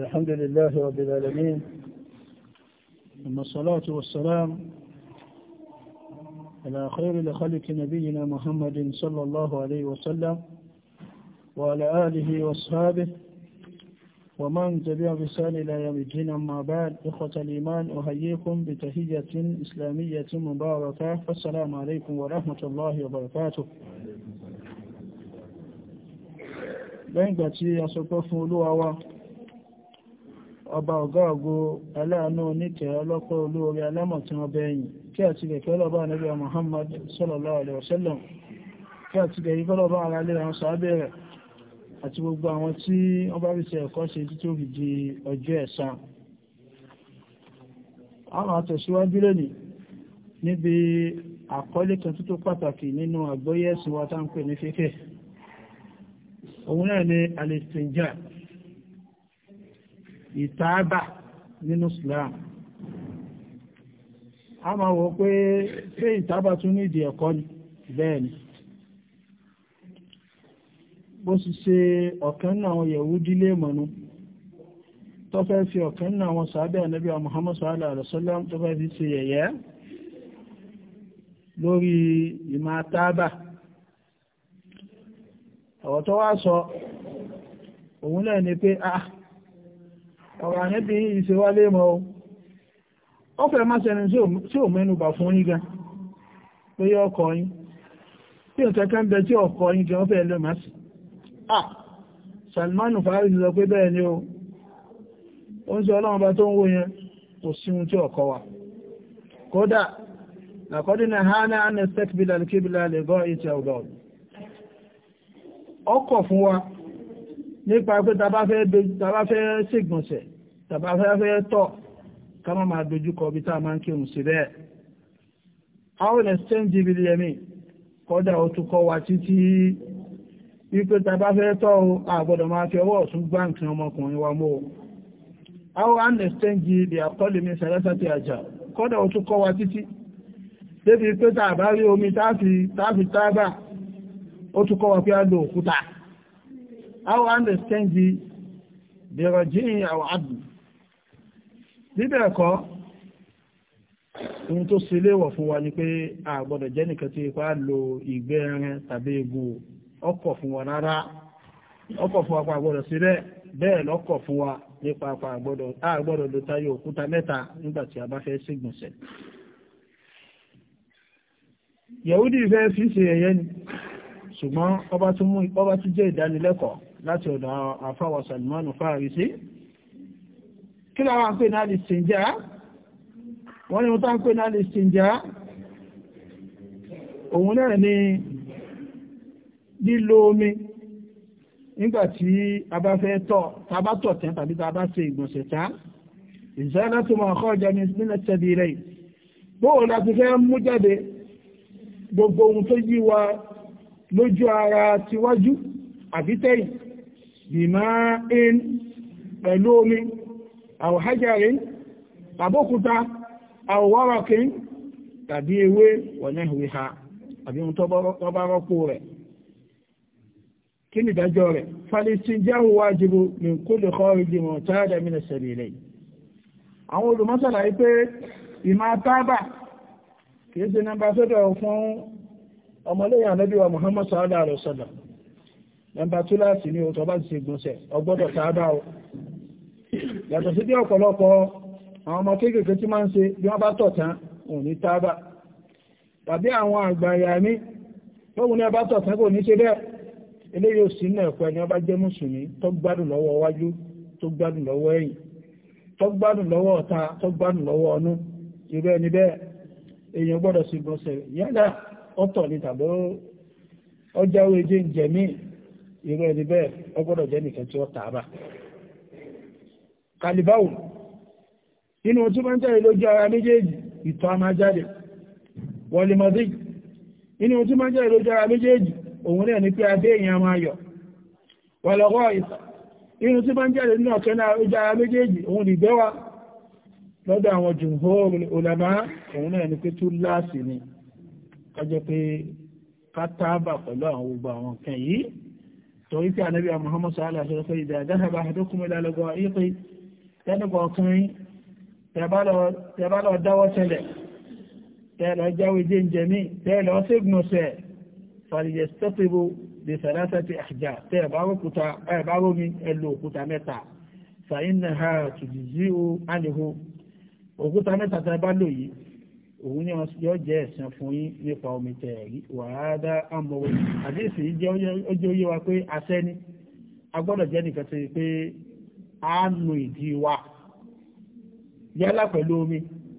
الحمد لله رب العالمين ثم الصلاة والسلام على خير لخلق نبينا محمد صلى الله عليه وسلم وعلى آله وأصحابه ومن تبع بسان إلى يوم الدين أما بعد إخوة الإيمان أهيكم بتهية إسلامية مباركة فالسلام عليكم ورحمة الله وبركاته لأنك قد يصبح فولوا ọba ọ̀gá ògo aláàánú oníkẹ́ ọlọ́pọ̀ olóore alámọ̀tán ọba ẹ̀yìn kí àti kẹ̀kẹ́ ọlọ́bà níbi Muhammad sallallahu alaihi wasallam kí àti kẹ̀kẹ́ ọlọ́bà ara lè ràn sábẹ́ rẹ̀ àti gbogbo àwọn tí wọ́n bá ríṣẹ́ ẹ̀kọ́ ṣe títí òfin di ọjọ́ ẹ̀san àwọn àtẹ̀síwájú lónìí níbi àkọlé kan tó pàtàkì nínú òun náà ni al ìtaábà nínú Islam a ma wọ pé pé ìtaábà tún ní ìdí ẹ̀kọ́ ni bẹ́ẹ̀ ni bó sì ṣe ọ̀kan náà àwọn Yẹ̀húdí lè mọ̀nú tó fẹ́ fi ọ̀kan náà àwọn sàábẹ̀ ànábì Muhammad sallallahu alaihi wasallam tó fẹ́ fi ṣe yẹ̀yẹ́ lórí ìmọ̀ àtaábà ọ̀rọ̀ tó wá sọ òun náà pé ah ọ̀rọ̀ ànẹ́bí ìṣèwálé mọ́ o ó fẹ́ má sẹni tí ò mẹ́nubà fún yín gan pé ọkọ̀ yín tí ò tẹ́kẹ́ ń bẹ tí ọkọ̀ yín gan fẹ́ lè má sí ah Salmanu Farisi sọ pé bẹ́ẹ̀ ni o ń sọ ọlọ́run bá tó ń wó yẹn kò sí ohun tí ọkọ̀ wà kódà nípa pé tàbá fẹ́ ṣègbọ̀nsẹ̀ tàbá fẹ́ tọ̀ ká má máa dojúkọ bí tá a máa ń kírun sí bẹ́ẹ̀. àwọn ẹ̀sìn jìbìlì ẹ̀mí kọ́dà ó tún kọ́ wa títí wípé tàbá fẹ́ tọ̀ o àgbọ̀dọ̀ máa fi ọwọ́ ọ̀tún gbá nǹkan ọmọkùnrin wa mọ́ o. àwọn ẹ̀sìn jìbìlì àkọlù mi sàlẹ́sàtì àjà kọ́dà ó tún kọ́ wa títí débi pé tàbá rí omi táàfi táàbà ó tún kọ́ pé á lo òkúta. How understand the Birajin or Abdu? Bíbẹ̀ ẹ̀kọ́, ohun tó ṣe léwọ̀ fún wa ni pé a gbọ́dọ̀ jẹ́ lo ìgbẹ́ ẹran tàbí egbò ọkọ̀ fún wa rárá. Ọkọ̀ fún wa pa gbọ́dọ̀ sí rẹ̀ bẹ́ẹ̀ lọ́kọ̀ lo tayọ òkúta mẹ́ta nígbà tí a bá láti ọ̀dọ̀ àfáwà Salmanu Farisi kí láwọn pè ní alìsìnjá wọ́n ni wọ́n tán pè ní alìsìnjá òun náà ni lílo omi nígbàtí a bá fẹ́ tọ̀ ta bá tọ̀ tẹ́ tàbí ta bá ṣe ìgbọ̀nsẹ̀ tá ìzẹ́lá tó máa kọ́ ọjà nílẹ̀ tẹ́bi rẹ̀ bóò láti fẹ́ mú jáde gbogbo ohun tó yí wa lójú ara tiwájú àbítẹ́yìn bìmá in pẹ̀lú omi àwòhájàrin àbókúta àwòwárọ̀kín tàbí ewé wọ̀nyẹ́hùwé ha àbí ohun tó bá rọ́pò rẹ̀ kí ni ìdájọ́ rẹ̀ falistin jẹ́hùn wájibu ní kó lè kọ́ ìdí mọ̀ táàdà mí lẹ́sẹ̀rẹ̀ ilẹ̀ àwọn olùmọ́sàlá yìí pé ìmá tábà kìí ṣe nàbà sọ́dọ̀ fún ọmọlẹ́yìn ànábì wa sallallahu alaihi wasallam nọ́mbà túláàsì ní ọ̀tọ̀ bá ti ṣe gbọ̀nsẹ̀ ọgbọ́dọ̀ tààbà o yàtọ̀ sí bí ọ̀pọ̀lọpọ̀ àwọn ọmọ kéékèèké tí máa ń ṣe bí wọ́n bá tọ̀ tán òun ní tààbà tàbí àwọn àgbà ìyá mi lóhun ní ọba tọ̀ tán kò ní ṣe bẹ́ẹ̀ eléyìí ò sí nínú ẹ̀kọ́ ẹni ọba jẹ́ mùsùlùmí tó gbádùn lọ́wọ́ wájú tó gbádùn lọ́wọ́ ẹ̀yìn tó gbádùn lọ́wọ́ ọ̀tá tó gbádùn lọ́wọ́ ọnú irú ẹni bẹ́ẹ̀ èèyàn gbọ́dọ̀ sí gbọ́sẹ̀ yálà ọ̀tọ̀ ni tàbí ọjà owó ẹjẹ́ ń irú ẹni bẹ́ẹ̀ ó gbọ́dọ̀ jẹ́ nìkan tí ó tààbà kàlìbáwò nínú tí wọ́n tẹ́rẹ lójú ara méjèèjì ìtọ́ a máa jáde wọlìmọ̀dí nínú tí wọ́n tẹ́rẹ lójú ara méjèèjì òun náà ní pé adé èèyàn máa yọ wọlọ́gọ́ ìsà nínú tí wọ́n ulama òun náà ni ká jẹ́ pé ká tábà pẹ̀lú àwọn gbogbo àwọn nǹkan yìí torí pé ànábì Muhammad sallallahu alaihi wasallam ìdá dáhàbà àdókùn ilẹ̀ alẹ́gbọ́ ìpè tẹ́lẹ̀gbọ́ ọkùnrin tẹ́bá lọ dáwọ́ tẹ́lẹ̀ tẹ́lọ jáwé jẹ́ǹjẹ̀mí tẹ́lọ ṣégbùnọ̀sẹ̀ fàríyẹ̀ stẹ́pẹ̀bù lè sàlátàtì àjà tẹ́ẹ̀bárómi ẹlò òkúta mẹ́ta fàyínà ha tùdìzí o ánìhó òkúta mẹ́ta tẹ́bá lò òun ni yóò jẹ́ ẹ̀san fún yín nípa omi tẹ̀rí wàhádá àmọ́wé àdéhùn yìí jẹ́ ọjọ́ yé wa pé aṣẹ́ ni a gbọ́dọ̀ jẹ́ nìkan tó yẹ pé a nu ìdí wa yálà pẹ̀lú omi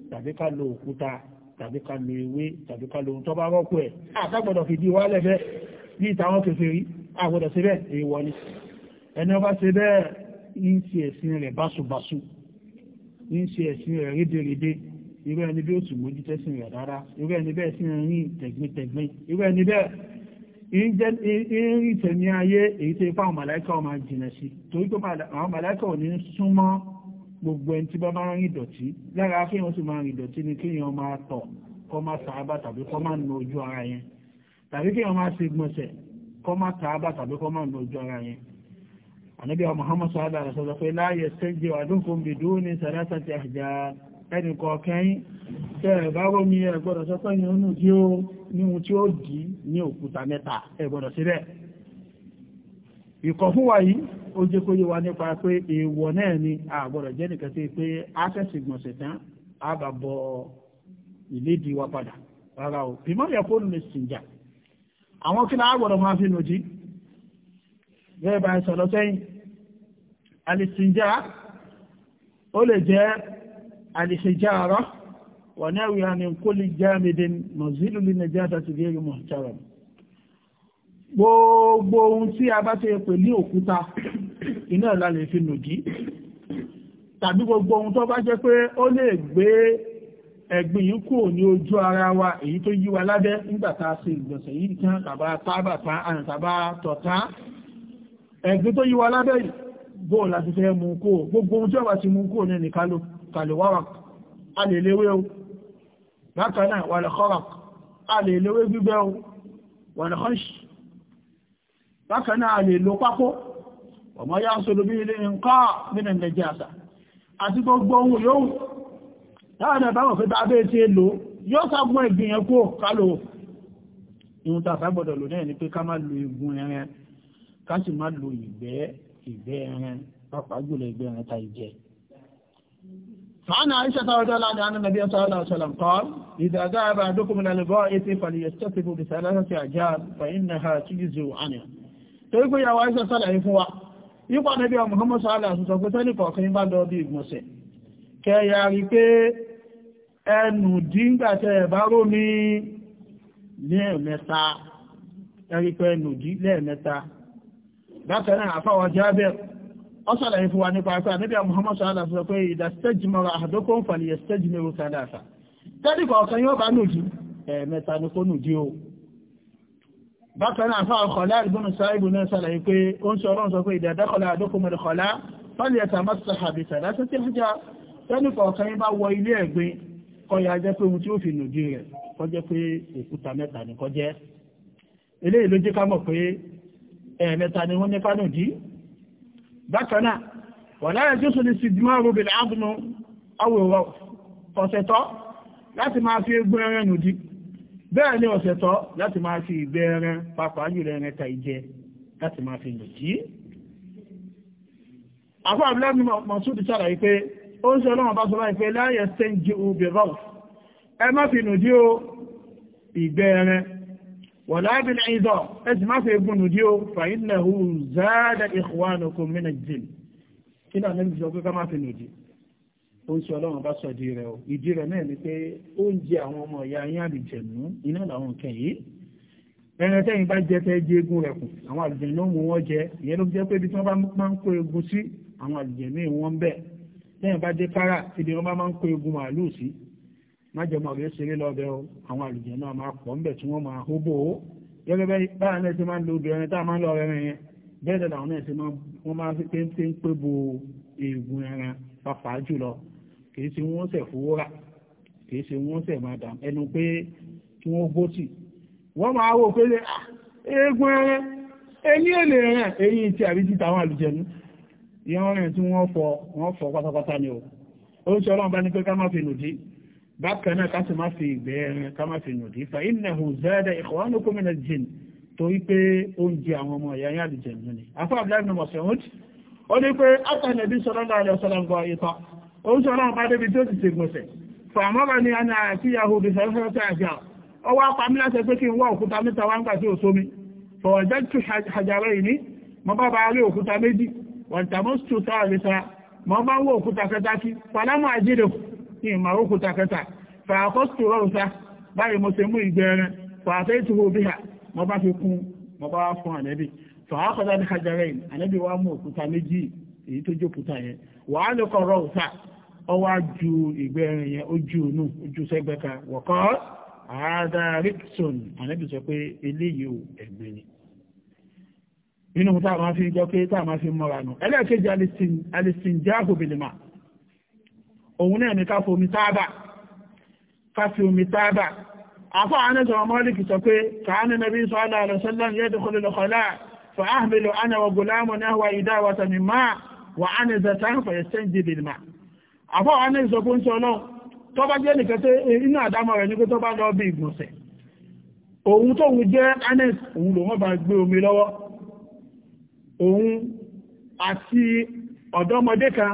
tàbí ká lo òkúta tàbí ká lo ewé tàbí ká lo ohun tó bá rọ́pò ẹ̀ àtàgbọ́dọ̀ fi di wa lẹ́fẹ́ bí ìtàwọn fèfè rí àgbọ́dọ̀ ṣe bẹ́ẹ̀ èèwọ̀ ni ẹni ọba ṣe bẹ́ẹ̀ ń ṣe ẹ̀sìn rẹ̀ báṣubàṣu ń ṣe ẹ̀sìn rẹ̀ rédèrèdè irú ẹni bí ó sì mójú tẹ́sìn rẹ̀ rárá irú ẹni bẹ́ẹ̀ sí rin tẹ̀gbintẹ̀gbin irú ẹni bẹ́ẹ̀ ìrìn ìtẹ̀mí ayé èyí tó ipá àwọn màláìkà ọmọ jìnà sí torí pé àwọn màláìkà ò ní súnmọ́ gbogbo ẹni tí bá máa ń rìn ìdọ̀tí lára kí wọ́n sì máa rìn ìdọ̀tí ni kí wọ́n máa tọ̀ kọ́ máa sàábà tàbí kọ́ máa nu ojú ara yẹn tàbí kí wọ́n máa ṣe gbọ̀nsẹ̀ kọ́ máa sàábà tàbí kọ́ máa nu ojú ara yẹn ànábì Muhammad sallallahu alaihi wasallam pé la yastajib ahadukum biduni salasati ahjan ẹnìkọ̀ọ̀kan yín tẹ́ ẹ̀ bá rómi ẹ gbọ́dọ̀ sọ pé yín nù tí ó níhun tí ó dì ní òkúta mẹ́ta ẹ gbọ́dọ̀ ìkọ̀ fún wa yìí ó jẹ́ kó yé wa nípa pé èèwọ̀ náà ni a gbọ́dọ̀ jẹ́ nìkan tí pé a fẹ́sì gbọ̀nsẹ̀ tán a bà bọ ìlédìí wa padà rárá o bí mọ́lẹ̀ kó lè ó lè jẹ́ الحجارة وناويها من كل جامد مزيل للنجاسة غير محترم gbogbo ohun tí a bá tẹ́ pè ní òkúta iná ìlà lè fi nùdí tàbí gbogbo ohun tó bá jẹ́ pé ó lè gbé ẹ̀gbìn yìí kò ní ojú ara wa èyí tó yí wa lábẹ́ nígbàtà sí ìgbọ̀nsẹ̀ yìí tán tàbá tábàtá àyàntàbá tọ̀tá ẹ̀gbìn tó yí wa lábẹ́ bóò láti fẹ́ mú kó gbogbo ohun tí ó ti mú kó ní ẹnìkálò kàlùwárọ̀k a lè léwé o bákan náà wàlẹ̀kọ́rọ̀k a lè léwé gbígbẹ́ o wàlẹ̀kọ́ṣì bákan náà a lè lo pákó ọmọ yá ń sọ́dọ̀ bí ilé nǹkan nínú ẹ̀jẹ̀ àṣà àti gbogbo ohun yóò láàrín àbáwọ̀ pé bá bẹ́ẹ̀ tí lò yóò sàgbọ́n ìgbìyàn kó kálò ìhun tàbá gbọ́dọ̀ lò náà ni pé فعن عائشة رضي الله عنها أن النبي صلى الله عليه وسلم قال إذا ذهب أحدكم إلى البائس فليستتب بثلاثة أعجاب فإنها تجزي عنه torí pé ìyàwó àìsàn sálàyé fún wa yípa nẹ́bí ọmọ Muhammad sálà àṣùsọ pé tẹ́lìkọ̀ kí ń bá lọ bí ìgbọ̀nsẹ̀ kẹyà rí pé ẹnu díngbà tẹ ẹ̀bá rò ní lẹ́ẹ̀mẹ́ta ẹ̀rí pé ẹnu dí lẹ́ẹ̀mẹ́ta bákan náà àfáwọ̀ jábẹ̀rẹ̀ wọ́n sàlàyé fún wa nípa pé àníbíà Muhammad sàlá sọ pé ìdàstẹ́jìmọ̀ra àdókòó fàlì ẹ̀stẹ́jìmẹ̀rù sàdáfà tẹ́lifà ọ̀kan yóò bá nùjú ẹ̀ẹ̀mẹ́ta ní kó nùjú o bákan náà fáwọn kọ̀lá ìgbónú sáàbù náà sàlàyé pé ó ń sọ ọlọ́run sọ pé ìdàdákọ̀lá àdókòó mẹ́rin kọ̀lá fàlì ẹ̀ta mọ́sà àbí sàdá tó ti hajá tẹ́lifà ọ̀kan yóò bá wọ ilé ẹ̀gbin kọyà jẹ́ pé ohun tí ó ni wọ́n ní kánò dí bákanáà wọ̀lá ẹjọ́sùn ní sí dìmọ́ rubin agbọ̀nà awòrán ọ̀sẹ̀tọ́ láti máa fi egbò ẹran nùdí bẹ́ẹ̀ ni ọ̀sẹ̀tọ́ láti máa fi ìgbẹ́ ẹran pàápàá jùlọ ẹran ta ìjẹ láti máa fi nùdí àfọ́ àbúlẹ́bí masúdì sàlàyé pé ó ń sọ ọlọ́run bá sọ láì pé láyẹ̀ sẹ́ńjì obìnrin ẹ má fi nùdí o ìgbẹ́ ẹran wọ̀lá bí i ìdọ̀ ẹ̀sì má fi egun nìdí o fàyínlẹ̀hù záàdà ikhwanukum min al-jinn kí náà lẹ́nu sọ pé ká má fi nìdí ó ń sọ ọlọ́run bá sọ ìdí rẹ̀ o ìdí rẹ̀ náà ni pé oúnjẹ àwọn ọmọ ìyá yín àlìjẹ̀nú iná làwọn nǹkan yìí ẹran tẹ́yìn bá jẹ fẹ́ jẹ egun rẹ̀ kù àwọn àlìjẹ̀nú ló mú wọn jẹ ìyẹn ló jẹ́ pé ibi tí wọ́n bá máa ń kó egun sí àwọn àlìjẹ̀nú ìwọ̀n bẹ́ẹ̀ tẹ́yìn bá dé kára ibi wọ́n bá májọmọ̀ rẹ̀ ṣeré lọ́bẹ̀ o àwọn àlùjẹ̀ náà máa pọ̀ ń bẹ̀ tí wọ́n máa hóbò ó gẹ́gẹ́ bẹ́ báyà náà ṣe máa ń lo obìnrin tá a máa ń lọ rẹ̀rìn yẹn bẹ́ẹ̀ dẹ̀ làwọn náà ṣe máa wọ́n máa fi péńté ń pé bo eegun ẹran pàpà jùlọ kìí ṣe wọ́n ṣẹ̀ fowó rà kìí ṣe wọ́n ṣẹ̀ máa dà ẹnu pé kí wọ́n bó tì wọ́n máa wò pé ah, eegun ẹran ẹni èlè ẹran eyín ti àbí ti tàwọn àlùjẹ̀nu ìyẹn wọn rẹ̀ tí wọ́n fọ wọ́n fọ pátápátá ni o ó ń ṣe ọlọ́run bá ní pé ká má fi nù dí bákan náà ká sì má fi ìgbẹ́ ẹran ká má fi yòdì fa innahu zada ikhwanukum min al-jinn torí pé oúnjẹ àwọn ọmọ ìyá yín àlùjànnú ni afọ abdullahi bin Mas'ud ó ní pé afẹ́nà bí sallallahu alaihi wasallam gba ìtọ́ ó ń sọ́lá ọba débi tó ti ṣe gbọ̀nsẹ̀ fàmọ́bà ni a náà sí yahoo bí sọ́lọ́sọ́lọ́ tó àjà ọwọ́ apamílá ṣe pé kí n wá ní ìmọ̀ òkú takẹta fàákọ́sùtò rọrùn sa báyìí mo ṣe mú ìgbẹ́rẹ́ fàákẹ́ ìtúwò bí ha mo bá fi kún mo bá wá fún ànẹ́bì fàákọ́sà ní hajjẹ́rẹ́ yìí ànẹ́bì wá mú òkúta méjì èyí tó jókúta yẹn wàá lè kọ́ rọrùn sa ọ wá ju ìgbẹ́rẹ́ yẹn ojú inú ojú sẹ́gbẹ́ kan wọ̀kọ́ àádá rickson ànẹ́bì sọ pé eléyìí ẹ̀gbẹ́ ni inú táà máa fi jọ pé táà máa fi mọ́ra nù ẹlẹ́ẹ̀kejì alìsìn jáàbò bìlìmọ̀ òun náà ni ká fi omi tábà ká fi omi tábà afọ́ anẹ́sọ̀rọ̀ mọ́lìkì sọ pé káánà nàbí sọ́lá alẹ́sọ́lá yẹ́dùkọlù lọ́kọlá fa'ahmilu ana wa gulamu náà wa ìdáwàtà mi máa wà á ní zata fẹ̀yẹsẹ́ jìbìl máa afọ́ anẹ́sọ̀ kún sọ náà tó bá jẹ́ nìkan tẹ́ inú àdámọ̀ rẹ̀ òun tó wù jẹ́ anẹ́s òun lò wọ́n bá gbé omi lọ́wọ́ òun àti ọ̀dọ́mọdé kan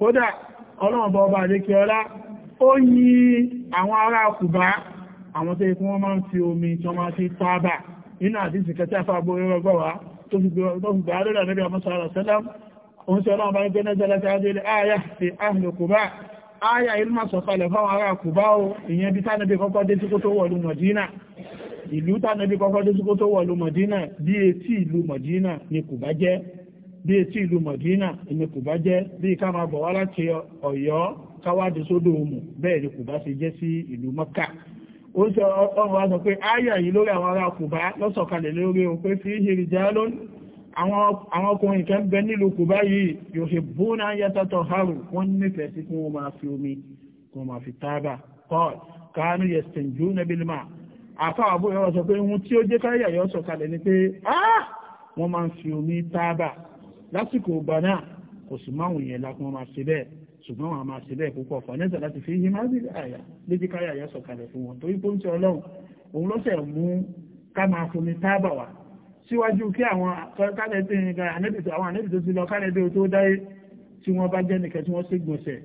kódà ọlọ́run bọ́ ọba àlékí ọlá ó yí àwọn ará kùbá àwọn tó ikú wọ́n máa ń fi omi tí wọ́n máa fi tábà nínú àdísì kẹta fàgbó rẹgbọ́wà tó fi gbà lọ́dà lẹ́bí àmọ́sára sẹ́lám oun tí ọlọ́run bá ń gbé nẹ́jẹ́ lẹ́ta adélé ààyà fi ahlu kùbá ààyà ìlú máa sọ̀kalẹ̀ fáwọn ará ni kùbá bí etí ìlú Mọ̀dínà èmi kò bá jẹ́ bí ká máa bọ̀ wá láti Ọ̀yọ́ káwádìí sódò òmù bẹ́ẹ̀ ni kò bá ṣe jẹ́ sí ìlú Mọ́kà ó sọ ọmọ wa sọ pé áyà yìí lórí àwọn ará Kùbá lọ́sọ̀kalẹ̀ lórí o pé fi hìrì já lónìí àwọn ọkùnrin kan bẹ nílùú Kùbá yìí yóò ṣe bóná yàtọ̀tọ̀ haru wọ́n wọ́n máa ń fi omi tábà lásìkò ọgbà náà kò sì máa wùnyẹn lápọn máa ṣe bẹ́ẹ̀ ṣùgbọ́n wọn a máa ṣe bẹ́ẹ̀ púpọ̀ fàánẹ́sà láti fi yí máa bí àyà léjì káyà yà sọ̀kalẹ̀ fún wọn torí pé ń ṣe ọlọ́run òun lọ́sẹ̀ mú ká máa fomi tábà wá síwájú kí àwọn kálẹ̀ tí ń ga àwọn ànẹ́bì tó ti lọ wọ́n bá jẹ́ nìkan tí wọ́n sì gbọ̀nsẹ̀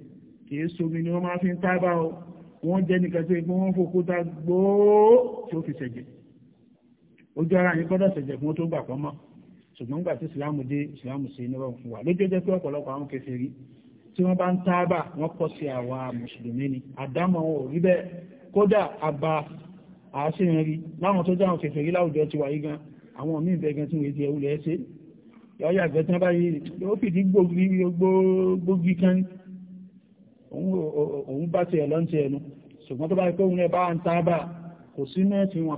kì í somi ni wọ́n máa fi ń tábà o wọ́n jẹ́ nìkan tí wọ́n fòkúta gbòó tí ó fi ṣẹ̀jẹ̀ ojú ara yìí gbọ́dọ̀ ṣẹ̀jẹ̀ fún ó tó gbà pọ́n mọ́ ṣùgbọ́n gbà tí ìsìláàmù dé ìsìláàmù sí inú rọrùn fún wa lójú ọjọ́ pé ọ̀pọ̀lọpọ̀ àwọn kèfèrí tí wọ́n bá ń tábà wọ́n kọ́ sí àwa mùsùlùmí ni àdámọ̀ wọn ò rí bẹ́ẹ̀ kódà àbá àásìrin rí láwọn tó dáhùn kèfèrí láwùjọ ti wáyé gan àwọn míì bẹ́ẹ̀ gan tí wọ́n ti ẹ̀wù lẹ́ ṣe yọ̀ọ́yà àgbẹ̀ tí wọ́n fìdí gbógi kan òun bá ti ẹ̀lọ́ ti ẹnu ṣùgbọ́n tó bá ikú òun ẹbá ń tábà kò sí mẹ́ẹ̀tì wọn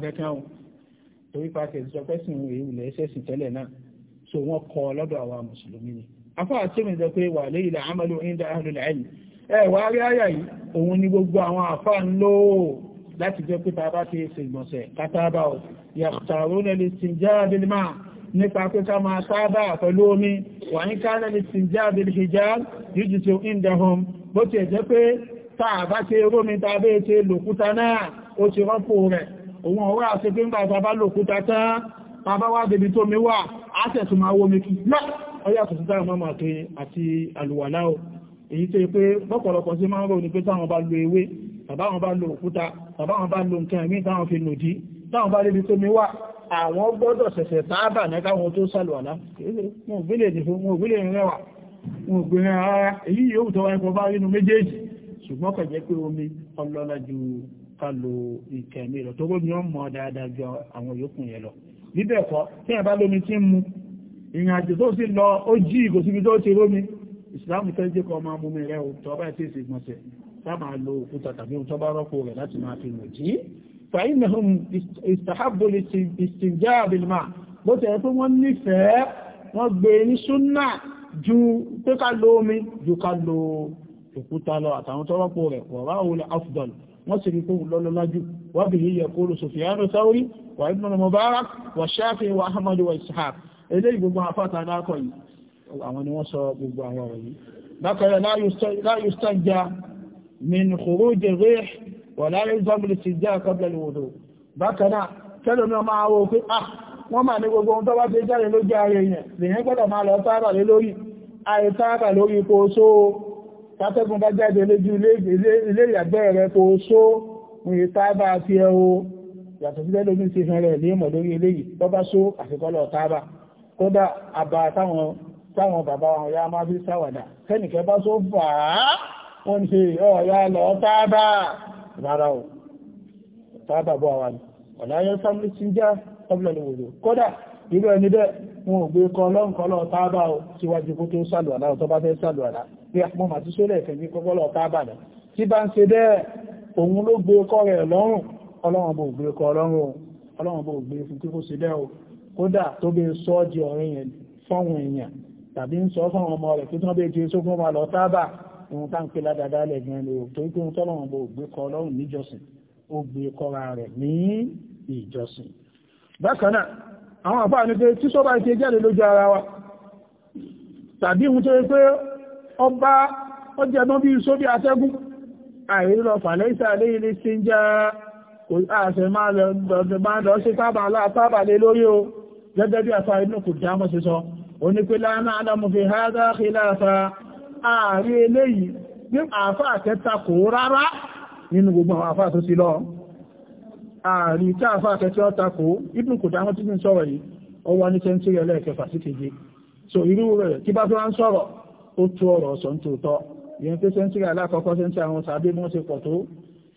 so wọ́n kọ́ lọ́dọ̀ àwa mùsùlùmí ni afọ́ àtúnmí sọ pé wà lè ilẹ̀ àmàlò ìndà ahlul ilm ẹ wà rí àyà yìí òun ni gbogbo àwọn àfà ń lò ó láti jẹ́ pé tàbá ti ṣe ìgbọ̀nsẹ̀ kátàbà ò yàtàrún ẹni sì já abilma nípa pé ká máa sábà pẹ̀lú omi tàbá wá débi tó mi wà áṣẹ̀tù máa wó mi kí náà ọyá tó sítára máa máa tó àti àlùwàlá o èyí tó pé pọ́pọ̀lọpọ̀ sí máa ń rò ní pé táwọn bá lo ewé tàbá wọn bá lo òkúta tàbá wọn bá lo nǹkan ẹ̀mí táwọn fi nòdí táwọn bá débi tó mi wà àwọn gbọ́dọ̀ ṣẹ̀ṣẹ̀ tábà ní káwọn tó sàlùwàlá wọn ògbélé ní fún wọn ògbélé ní rẹwà wọn ògbélé lo níbẹ̀kọ́ tí ẹ̀ bá lómi tí ń mu ìrìn àjò tó sì lọ ó jí ìgò síbi tó ti rómi ìsìláàmù tẹ́ jẹ́ kọ ọmọ amúmi rẹ̀ ò tọ́ báyìí tí èsì ìgbọ̀nsẹ̀ sáàmà lo òkúta tàbí ohun bá rọ́pò rẹ̀ láti máa fi rìn jí e wọ́n sì rí pé lọ́lọ́lájú وبه يقول سفيان الثوري وابن المبارك والشافعي وأحمد وإسحاق إليه بما فاتا ناكل أمن وصى بما ناكل لا يستنجى من خروج الريح ولا يلزم الاستنجاء قبل الوضوء بكنا كلمة معه في أخ wọ́n máa ní gbogbo ohun tó bá fi jáde lójú ààrẹ èèyàn lèyàn gbọ́dọ̀ máa lọ sáàbà lé lórí àìsáàbà lórí kò só tátẹ́gùn bá jáde lójú ilé ìyàgbẹ́ rẹ̀ kò só ní tábà tí ẹ o yàtọ̀ sí lẹ́lómi ti fi rẹ̀ ní ìmọ̀ lórí eléyìí tó bá só àfikọ́lọ̀ tábà kódà àbá táwọn bàbá wọn ya máa fi sáwàdà tẹ́nìkẹ́ bá só fà á wọ́n ṣe ọ̀yá lọ tábà rárá o tábà bọ́ àwọn ọ̀láyẹ́ sáàmì sí já ọ̀pọ̀lọ̀lọ̀wòdò kódà irú ẹni bẹ́ wọn ò gbé kọlọ́nkọlọ́ tábà o síwájú kó tó sàlùwàlá tó bá fẹ́ sàlùwàlá bí a mọ́ màtí sólẹ̀ ìfẹ̀mí kọ́kọ́lọ́ tábà náà tí bá ń ṣe bẹ́ẹ̀ òun ló gbé kọ́ rẹ̀ lọ́rùn ọlọ́run bò gbé kọ́ lọ́rùn o ọlọ́run bò gbé fún kí kó sí bẹ́ẹ̀ o kódà tó bẹ sọ di ọ̀rẹ́ yẹn fọ́wọ̀n èèyàn tàbí ń sọ fọ́wọ̀n ọmọ rẹ̀ kí tán bẹ tá ń pè ládàdá lẹ̀ gan ni o torí pé tọ́lọ́run bò gbé kọ́ lọ́rùn níjọsìn ó gbé kọ́ra rẹ̀ ní ìjọsìn bákan àwọn àbá ni pé tí sọ́bà ti jáde lójú ara wa tàbí ohun tó yẹ pé ọba ọjà náà bí àìrílọ fàlẹ́sà léyìn ní sí ń já àṣẹ máa lọ sí tábà aláàtàbà lé lórí o gẹ́gẹ́ bí àfà inú kò dámọ́ sí sọ o ní pé lánà alámọ̀fẹ́ hádá kìláàfà ààrí eléyìí ní àfà àkẹta kò rárá nínú gbogbo àwọn àfà tó sí lọ ààrí tá àfà àkẹta ọtakò ibùn kò dámọ́ tí ń sọ̀rọ̀ yìí ó wá ní sẹ́ńtírì ẹlẹ́ẹ̀kẹfà sí keje so irú rẹ̀ tí bá fi wá ń sọ̀rọ̀ ó tó ọ̀rọ̀ sọ ń tòótọ́ ìyẹn pé sẹ́ńtírì alákọ̀ọ́kọ́ sẹ́ńtírì àwọn tàbí mọ́ ṣe pọ̀ tó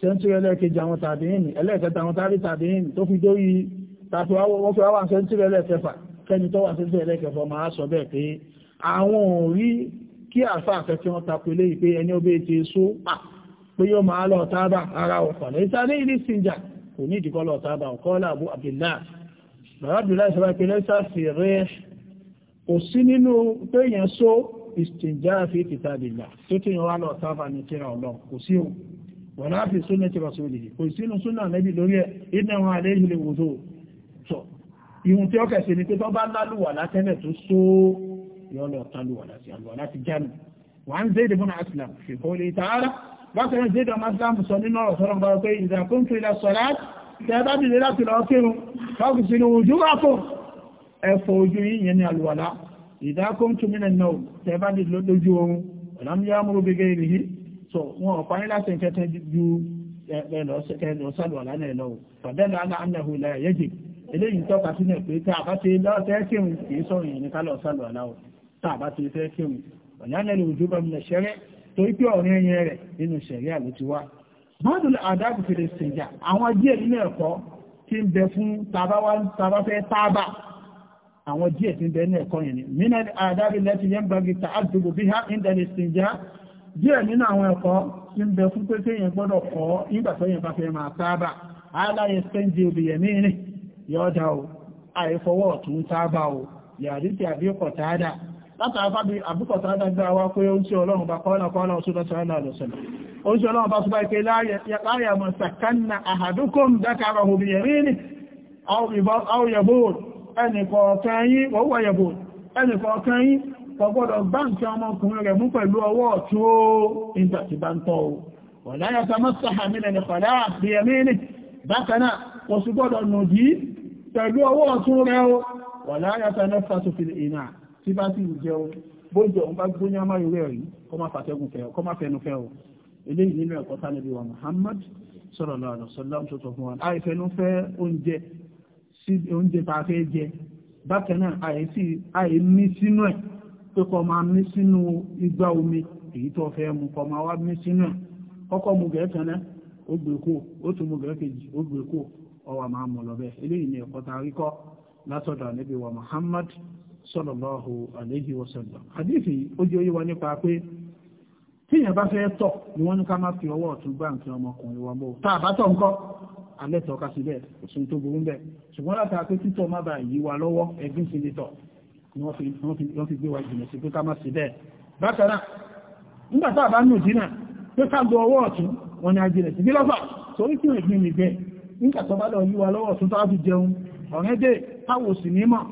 sẹ́ńtírì ẹlẹ́ẹ̀kejì àwọn tàbí ìní ẹlẹ́ẹ̀kẹta àwọn tàbí tàbí ìní tó fi dórí tàbí wọ́n fi wá sẹ́ńtírì ẹlẹ́ẹ̀kẹfà kẹ́ni tó wà sẹ́ńtírì ẹlẹ́ẹ̀kẹfà máa sọ bẹ́ẹ̀ pé àwọn ò rí kí àfa àfẹ́fẹ́ wọn tako eléyìí pé ara ọ̀pọ̀ lẹ́sà ní ilé sinjà kò ní ìdíkọ́ lọ tábà ọ̀kọ́ làbú Abdullahi bàbá Abdullahi sọ pé lẹ́sà kò sí nínú pé èèyàn so istinja fi kitabillah tó tí yọ wá lọ sáfà ní kíra ọlọ́ kò sí o wọ́n láti súnà ti rasulihi kò sínú súnà nẹ́bí lórí ẹ̀ iná wọn alẹ́ ìlú wòzó sọ ìhun tí ó kẹsì ni pé tó bá lálùwà látẹ́lẹ̀ tó só yọ lọ tálùwà láti àlùwà láti jánu wọ́n Zayd ibn Aslam fi qawli ta'ala bákan Zayd ibn Aslam sọ nínú ọ̀rọ̀ sọ́rọ̀ bá tẹ bá dì lójú oorun ọ̀làmúyá amúrúbígẹ́ ìrìhí so wọn ọ̀pá ní láti kẹta ju ẹ̀lọ́sẹ̀lù àlànà ẹ̀lọ́ fàdẹ́lá aláàánàhù ilẹ̀ ẹ̀yẹ́jì eléyìí tọ́ka sílẹ̀ pé tá a bá ti lọ́tẹ́ kírun kì í sọ̀rọ̀ ìyẹn ká lọ́sẹ̀lù aláwọ̀ tá a bá ti fẹ́ kírun ọ̀lànàlẹ̀ òjò bá mi ṣẹ́rẹ́ torí pé ọ̀rẹ́ yẹn rẹ̀ nínú ṣẹ̀ríà ló ti wá bọ́ọ̀dùn àwọn díẹ̀ tí ń bẹ ní ẹ̀kọ́ yẹn ni mina àdábì lẹ́tí yẹn gbàgbé ta àdúgbò bí ha ìdẹ̀lẹ̀ sì já díẹ̀ nínú àwọn ẹ̀kọ́ tí ń bẹ fún pé téèyàn gbọ́dọ̀ kọ́ nígbà tó yẹn bá fẹ́ máa sábà aláyẹ sẹ́ńdì obìyẹ̀ mìíràn yọ̀ọ́dà o àìfọwọ́ ọ̀tún sábà o yàrí ti àbíkọ̀ tààdà látàrí àbúkọ̀ tààdà gbá wá pé ó ń tí ọlọ́run bá kọ́ọ̀lá kọ́ọ̀lá ọ̀ṣọ́lọ́sọ́lá ọ̀lọ́sọ́lá ó ń ni àwọn ẹnìkọ̀ọ̀kan yín wọ́n wọ́yẹ̀bò ẹnìkọ̀ọ̀kan yín kọ̀gbọ́dọ̀ bá ń tí ọmọkùnrin rẹ̀ mú pẹ̀lú ọwọ́ tí ó ìgbà ti bá ń tọ́ o wọ̀lá yàtọ̀ mọ́sàhà mílẹ̀ ní kọ̀lá àti ẹ̀mí ní bákanáà kò sì gbọ́dọ̀ nù jí pẹ̀lú ọwọ́ ọ̀tún rẹ̀ o wọ̀lá yàtọ̀ mẹ́fà tó fi ìnà tí bá sì jẹun bójọ ń bá gbóyá má ìwé rí kọ́ má fàtẹ́gùn fẹ́ kọ́ má fẹnu fẹ́ o eléyìí nínú ẹ̀kọ́ tánibí wa Muhammad sallallahu alaihi wasallam tó sọ fún wa si oúnjẹ tá a fẹ́ jẹ bákan náà àìsí àìmí sínú ẹ̀ pé kó máa mí sínú igbá omi èyí tó fẹ́ mu kó máa wá mí sínú ẹ̀ kọ́kọ́ mu gẹ̀ẹ́ kan náà ó gbé kó ó tún mu gẹ̀ẹ́ kejì ó gbé kó ọwà máa mọ̀ lọ bẹ́ẹ̀ eléyìí ni ẹ̀kọ́ rí kọ́ látọ̀dọ̀ wa Muhammad wa sallam hadithi ó jẹ́ oyé wa nípa pé tíyẹn bá fẹ́ tọ̀ ni wọ́n ní alẹ́tọ̀ ká síbẹ̀ kò sí tó burú bẹ́ẹ̀ ṣùgbọ́n láti apé títọ̀ má bàa yí wa lọ́wọ́ ẹgbẹ́ sí lítọ̀ ni wọ́n fi gbé wa jìnà sí pé ká má sí bẹ́ẹ̀ bákan náà nígbà tá a bá nù dínà pé ká gbọ́ ọwọ́ ọ̀tún wọn ni a jìnà sí bí lọ́fà torí kí wọ́n gbìn nìgbẹ́ nígbà bá lọ yí wa lọ́wọ́ ọ̀tún tó jẹun ọ̀rẹ́ dé táwọn sì ní mọ̀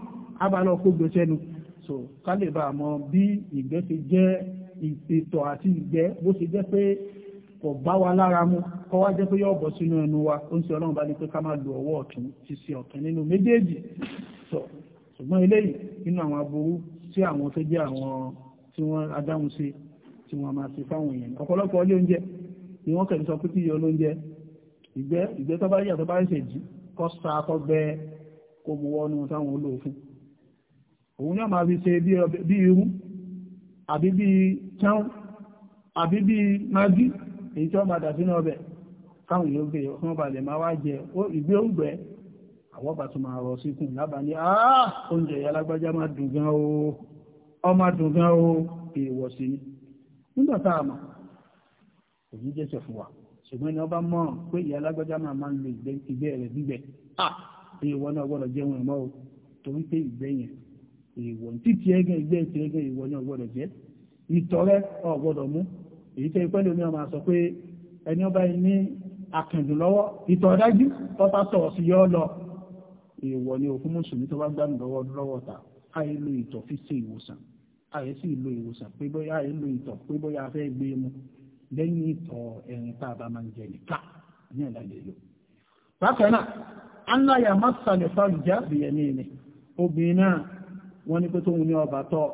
á kó gbèsè nu so ká lè bá a mọ bí ìgbẹ́ ti jẹ́ ìtètò àti ìgbẹ́ bó ti jẹ́ pé kò bá wa lára mu kó wá jẹ́ pé yóò bọ́ sínú ẹnu wa ó ń sọ ọlọ́run bá ní pé ká má lo ọwọ́ ọ̀tún ti ṣe ọ̀tún nínú méjèèjì sọ ṣùgbọ́n eléyìí nínú àwọn aburú tí àwọn tó jẹ́ àwọn tí wọ́n adáhùn sí tí wọ́n máa ṣe fáwọn èèyàn ọ̀pọ̀lọpọ̀ ilé oúnjẹ ni wọ́n kẹ̀lé sọ pé kí yọ lóúnjẹ ìgbẹ́ ìgbẹ́ tó bá yà tó bá ṣe jì kọ́ sa kọ́ gbẹ kó mu wọnú táwọn olóòfin òun náà máa fi ṣe bí irú àbí bí tán àbí bí magí èyí tí wọ́n máa dà sínú ọbẹ̀ káwọn èèyàn gbé ọkàn balẹ̀ máa wá jẹ ìgbé oúnjẹ àwọn bá máa rọ síkùn lábàá ní oúnjẹ ìyá máa dùn gan o ọmọ dùn gan o èèwọ̀ sí ni nígbà tá a mọ̀ kò ní jẹ́sẹ̀ fún wa ṣùgbọ́n ni wọ́n bá mọ̀ pé ìyá alágbájá máa máa ń lo ìgbẹ́ rẹ̀ gbígbẹ́ èèwọ̀ náà gbọ́dọ̀ jẹun ẹ̀mọ́ o torí pé ìgbẹ́ yẹn èèwọ̀ títí ẹgẹ́ ìgbẹ́ ìtì ẹgẹ́ èèwọ̀ jẹ́ ìtọ́rẹ́ ò èyí tẹ́ ìpẹ́lẹ̀ omi ọmọ sọ pé ẹni ọba ní akẹ̀dùn lọ́wọ́ ìtọ̀ dájú tọ́ta sí yọ́ lọ èèwọ̀ ni òfin mùsùlùmí tó bá gbàmù lọ́wọ́ lọ́wọ́ ta àyè lo ìtọ̀ fi ṣe ìwòsàn àyè sì lo ìwòsàn pé bóyá àyè lo ìtọ̀ pé bóyá a fẹ́ gbé e mu lẹ́yìn ìtọ̀ ẹ̀rìn tá a bá máa ń jẹ nìka ní ìlàlẹ̀ lò. bákan náà aláya má fàlùjá bìyẹ̀mí ni obìnrin náà wọ́n ní pé tóun ní ọba tọ́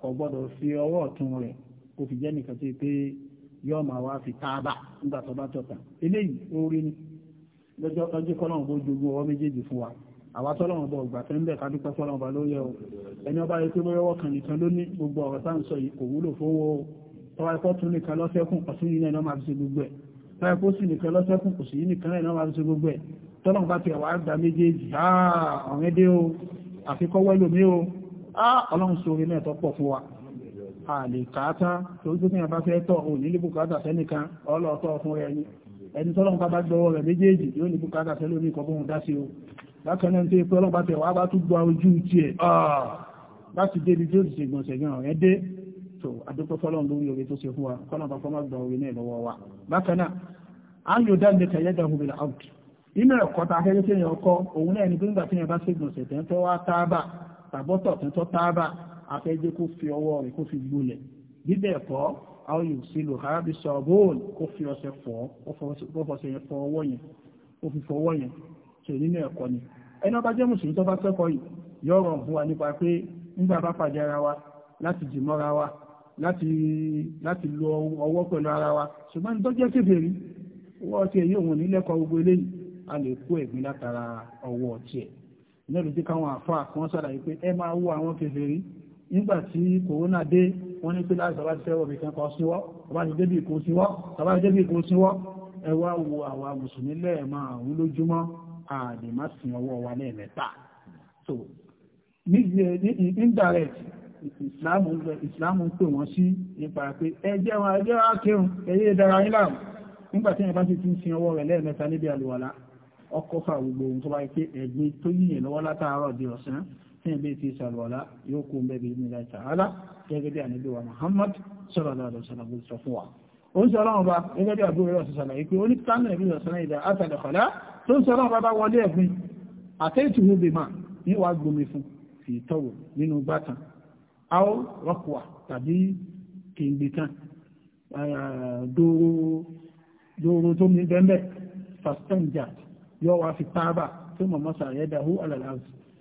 kò gbọ́dọ̀ fi ọwọ́ ọ̀tún rẹ̀ kò fi jẹ́ yóò máa wá fi táàbà nígbà tó bá tọ̀tàn eléyìí orí ni lọ́jọ́ ọjọ́ kọ́lọ́run bó jogún ọwọ́ méjèèjì fún wa àwa tọ́lọ́run bọ̀ ọgbà tó ń bẹ̀ kádúpẹ́ fọ́lọ́run bá ló yẹ o ẹni ọba yẹ pé bọ́yọ́wọ́ kan nìkan ló ní gbogbo ọ̀rọ̀ tá à ń sọ yìí kò wúlò fówó o tọ́wá ikọ́ tún nìkan lọ́sẹ́kùn kò sí yìí náà máa fi ṣe gbogbo ẹ̀ tọ́wá ikọ́ sì nìkan lọ́sẹ́kùn kò sí yìí nìkan náà máa fi ṣe gbogbo ẹ̀ tọ́lọ́run bá tiẹ̀ wá gba méjèèjì ọ̀rẹ́dẹ́ o àfikọ́ wẹ́lòmí o ọlọ́run sóore náà tọ́pọ̀ fún wa àlèkàátá tó tó ní àbá fẹ́ tọ́ òní ní bùkátà sẹ́nìkan ọlọ́ọ̀tọ́ fún rẹ̀ ní ẹni tọ́lọ́n bá bá gbọ́wọ́ rẹ̀ méjèèjì yóò ní bùkátà sẹ́lò ní kọgbọ́n dá sí o bákan náà tó yẹ pé ọlọ́pàá bá tẹ̀ wá bá tún gba ojú tiẹ̀ láti débi tí ó ti ṣègbọ̀n ṣẹ̀gbọ̀n rẹ̀ dé tó àdúpẹ́ fọlọ́n lórí oore tó ṣe fún wa kọ́nà bá fọ́nmá gba oore náà lọ́wọ́ wa bákan náà a ń yóò dá ilé kẹyẹ dàhùn bẹ̀rẹ̀ out inú ẹ̀kọ́ ta akẹ́kẹ́ tí èèyàn kọ́ òun náà ni pé nígbà tí èèyàn bá ṣègbọ̀n ṣẹ̀tẹ̀ tó wá táábà tàbọ́tọ̀ tó táábà afẹ́jẹ́ kó fi ọwọ́ rẹ̀ kó fi gbólẹ̀ bíbẹ̀ ẹ̀kọ́ àwọn yóò sí lò harabi sọ̀bọ́ọ̀l kó fi ọṣẹ fọ̀ kó fọṣẹ yẹn fọ ọwọ́ yẹn kó fi fọ ọwọ́ yẹn tó nínú ẹ̀kọ́ ni ẹni ọba jẹ́ mùsùlùmí tó bá kẹ́kọ̀ọ́ yìí yọ ọ̀rọ̀ fún wa nípa pé nígbà bá pàdé ara wa láti jì mọ́ra wa láti láti lo ọwọ́ pẹ̀lú ara wa ṣùgbọ́n tó jẹ́ kébèrè wọ́n ti èyí òun nílẹ̀kọ́ gbogbo eléyìí a lè kó ẹ̀gbin látara ọwọ́ tiẹ̀ náà ló dé káwọn àfa kan sàlàyé pé ẹ máa wo àwọn kébèrè nígbà tí kòrónà dé wọ́n ní pé láti sàbá ti fẹ́wọ̀ bìkan kan síwọ́ sàbá ti débì kan síwọ́ sàbá ti débì kan síwọ́ ẹ wá wo àwa mùsùlùmí lẹ́ẹ̀mọ́ indirect ìsìláàmù ń pè wọ́n sí nípa pé ẹjẹ́ wọn ẹjẹ́ wọn kírun ẹyẹ dára níláàmù nígbàtí ẹ̀bá ti ń sin ọwọ́ rẹ̀ lẹ́ẹ̀mẹ́ta níbi àlùwàlá ọkọ̀ fà gbogbo ohun tó bá pé ẹ̀gbin tó yíyàn lọ́wọ́ látàárọ̀ tí ẹ̀ bẹ́ẹ̀ ti sàlọ́lá yóò kú bẹ́ẹ̀ bí ní láì sàálà gẹ́gẹ́ bí àníbí wa Muhammad sallallahu alaihi wasallam sọ fún wa ó ń sọ ọlọ́run bá gẹ́gẹ́ bí àbúrò rẹ̀ sọ̀sọ̀lá yìí pé ó ní kánú ẹ̀bí lọ́sọ̀lá ìdá àtàlẹ̀kọ̀lá tó ń sọ ọlọ́run bá bá wọlé ẹ̀gbin àtẹ́tùwò bè máa ní wàá gbomi fún fi tọ́wò nínú gbàtàn áó rọ́pùà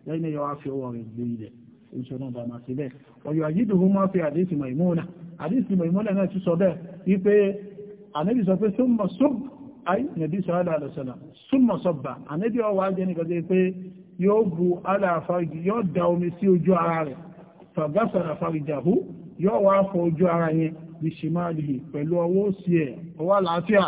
lẹ́yìn náà yọ wá fi ọwọ́ rẹ̀ gbé ilẹ̀ oṣù náà bá máa ṣe bẹ́ẹ̀ ọ̀yọ̀ àyídù hó máa fi àdéhìsì mọ̀ ìmúnà àdéhìsì mọ̀ ìmúnà náà ti sọ bẹ́ẹ̀ wípé ànábì sọ pé súnmọ̀ sọ́b àì nàbí sọ́ọ́lá àlọ́sọ̀lá súnmọ̀ sọ́bà ànábì ọwọ́ ajẹ́ nìkan tó pé yóò bu aláàfáàjì yóò da omi sí ojú ara rẹ̀ fàgásàrà fàrìjàhú yóò wá fọ ojú ara yẹn bí ṣìmáàlì pẹ̀lú ọwọ́ sí ẹ̀ ọwọ́ àlàáfíà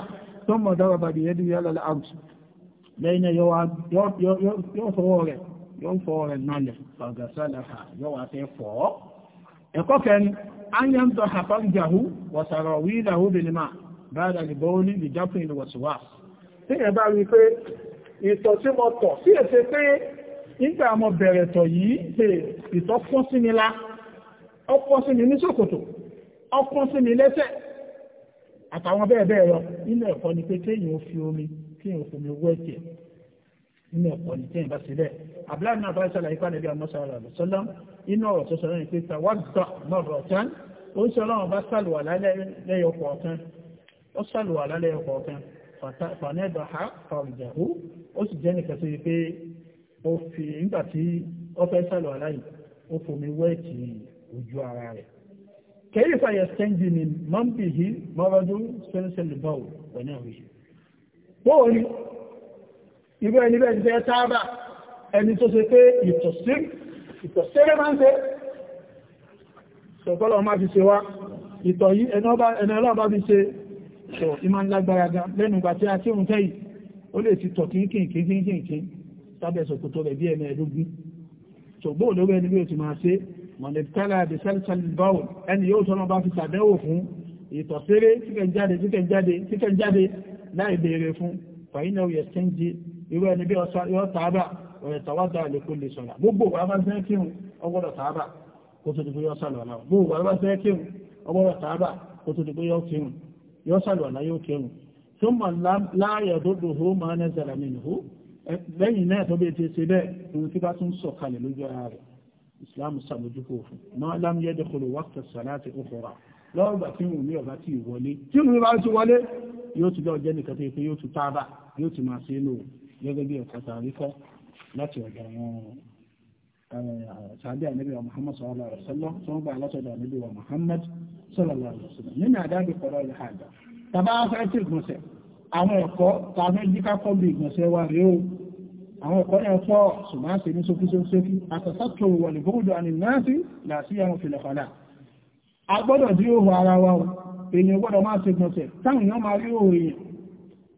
lẹ́yìn yóò fọwọ́ rẹ̀ yóò fọ rẹ̀ nọlẹ̀ fàgàsálàhà yóò wá fẹ́ fọ́ ẹ̀kọ́ kẹni anyamtọ̀ àfáǹjàhú wọ̀sàrọ̀ wíìdàhú bìnimá báyàdà ìbọn ní ìjápùn ìlú wọ̀sùwà tí ẹ bá rí pé ìtọ̀ tí mo tọ̀ sí èsẹ pé nígbà mo bẹ̀rẹ̀ tọ̀ yìí ìtọ̀ fún sí mi lá ọpọ́ sí mi ní ṣòkòtò ọpọ́ sí mi lẹ́sẹ̀ àtàwọn bẹ́ẹ̀ bẹ́ẹ̀ lọ nínú ẹ̀kọ́ ni pé kéèyàn fi omi kéèyàn fi omi wẹ́ẹ̀kẹ̀ nínú ẹ̀kọ́ ní tí ìbá sílẹ̀ abdullahi náà bá ṣàlàyé pàdé bí ọmọ sọ̀rọ̀ rẹ̀ sọ́lá inú ọ̀rọ̀ tó sọ̀rọ̀ ní pé ta wàdà mọ̀rọ̀ tán ó ń sọ̀rọ̀ wọn bá sàlùwà lálẹ́ ọkọ̀ ọ̀kan ó sàlùwà lálẹ́ ọkọ̀ ọ̀kan fànẹ́dọ̀ ha fàrùjàhú ó sì jẹ́ nìkan sí pé ó fi nígbà tí ó fẹ́ sàlùwà láyì ó fomi wẹ́ẹ̀tì ojú ara rẹ̀ kẹ́yìn fàyẹ̀ sẹ́ńdì ni mọ́ǹpì yìí mọ́rọ́dún sẹ́ńsẹ́lì irú ẹni bẹ́ẹ̀ jẹ́ tábà ẹni tó ṣe pé ìtọ̀sẹ́rẹ́ máa ń ṣe ṣọ̀pọ̀lọ̀ máa fi ṣe wá ìtọ̀ yí ẹni ọlọ́ọ̀bá fi ṣe ṣọ̀ ìmá ń lágbára ga lẹ́nu ìgbà tí a tí òun tẹ́yì ó lè ti tọ̀ kínkínkínkínkín sábẹ̀ ṣòkòtò rẹ̀ bí ẹ̀mẹ́ ẹ̀dógún ṣògbó olówó ẹni bí o ti máa ṣe mọ̀lẹ̀bítàlá àbẹ̀ sẹ́lẹ̀sẹ́lẹ̀báwò ẹni yóò tọ́nà bá fi ṣàbẹ̀wò fún ìtọ̀sẹ́rẹ́ tíkẹ̀ jáde tíkẹ̀ jáde láì béèrè fún fàyínà òyẹ̀ sẹ́ńjì irú ẹni bí yọ tààbà ọ̀rẹ̀ tàwádà lè kó lè sọ̀rọ̀ gbogbo wà bá fẹ́ kírun ọgbọ́dọ̀ tààbà kó tó di pé yọ sàlọ̀ ọ̀la gbogbo wà bá fẹ́ kírun ọgbọ́dọ̀ tààbà kó tó di pé yọ kírun yọ sàlọ̀ ọ̀la yóò kírun tó mọ̀ láàyè dòdò hó máa ń ẹ̀sẹ̀ rẹ̀ hó lẹ́yìn náà tó bẹ́ẹ̀ ti ṣe bẹ́ẹ̀ ohun tí bá tún sọ kalẹ̀ lójú ara rẹ̀ islam sàmójúkò fún máa lám yẹ́ dẹ́kọ̀lù wákàtí sàláàtì òkúra lọ́ọ̀gbà tí wọ́n ní ọ̀bá tí ìwọlé tí wọ́n bá ti wọlé yóò ti lọ́ọ̀ jẹ́ nìkan tó yẹ pé yóò ti tábà yóò ti máa ṣe é lóòrùn gẹ́gẹ́ bí ẹ̀kọ́ tàbí kọ́ láti ọ̀dọ̀ àwọn eh, sàbí ànábì wa muhammad sallallahu alaihi wasallam tó ń gbà látọ̀dọ̀ ànábì wa muhammad sallallahu alaihi wasallam nínú àdábì kọ̀rọ̀ ilẹ̀ àgbà tàbá fẹ́ tí ìgbọ̀nsẹ̀ àwọn ẹ̀kọ́ tàbí jíká kọ́ bí ìgbọ̀nsẹ̀ wa rèé o àwọn ẹ̀kọ́ náà fọ́ ṣùgbọ́n ṣe ní sókísókí àtàsátò wà ní bóòdó àníláàsí làásí àwọn fìlẹ̀fàlà a gbọ́dọ̀ dí òhù ara wa èèyàn gbọ́dọ̀ máa ṣe táwọn èèyàn máa rí òhù